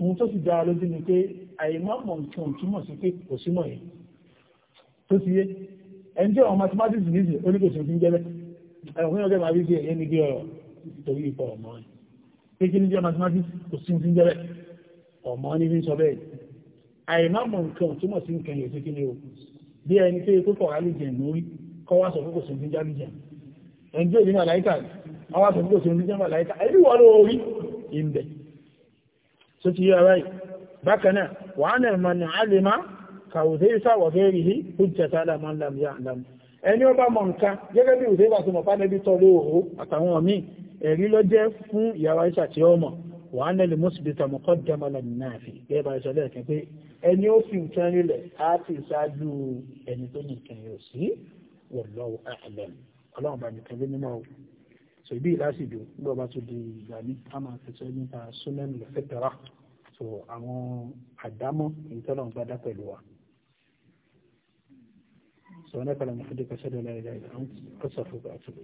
ohun tó ti dá a lójú ni pé àìmọ́mọ̀ nǹkan túmọ̀ sí pé kò símọ̀ yẹn tó ti yé ẹni tí àwọn mathematics ní ìsìn oníkòsìn ti ń jẹ́lẹ̀ ẹ̀rọ fún ọjọ́ máa rí sí ẹ̀yẹ́ ní bí ọ̀rọ̀ torí ipò ọmọ rẹ̀ pé kí ní jẹ́ mathematics kò sí ti ń jẹ́lẹ̀ ọmọ ní fi ń sọ bẹ́ẹ̀ àìmọ́mọ̀ nǹkan túmọ̀ sí nǹkan yẹn kí ni o bí ẹni pé kókò alìjẹ̀ lórí kọ́ wá sọ kókò sí ti ń jẹ́ alìjẹ̀ ẹni tí ò àwọn àtọ̀gbò sí ní jẹ́mà láìka ẹ̀rí wọ́n orí ìbẹ̀ So ti yọ ara yìí bákan náà wà á nà mọ̀ ní alìmá kàwùdé ìsà wà fẹ́ rí hujjá tààlà máa ń làm yá àlàmù ẹni ọba mọ̀ nǹkan gẹ́gẹ́ bí ìwòsàn ìbàtí mọ̀ fánẹ́bí tọ́lé òhó àtàwọn ọ̀mí ẹ̀rí lọ jẹ́ fún ìyàwó àìsà tí ó mọ̀ wà á nẹ́lẹ̀ mọ́sílítà mọ̀kọ́ dámọ́lá náà fi gẹ́gẹ́ bá ìṣẹ̀lẹ̀ ẹ̀kẹ́ pé ẹni ó fi nǹkan rílẹ̀ á ti ṣáájú ẹni tó nìkan yóò sí wallahu a'lam ọlọ́run bá nìkan lé mímọ́ so ibi ìlàsìdò gbọ́ bá tó di ìgbà ní a máa fẹsẹ̀ nípa súnmẹ́nù lọ́fẹ̀tẹ̀rà so àwọn àdámọ́ ìtọ́lọ̀ ń gbádá pẹ̀lú wa so wọn lẹ́kọ̀ọ́ lọ́mọ fún dẹ́kọ̀ sẹ́dọ̀ lẹ́yìn láì láì ń kọ́sọ̀ fún bàtúbù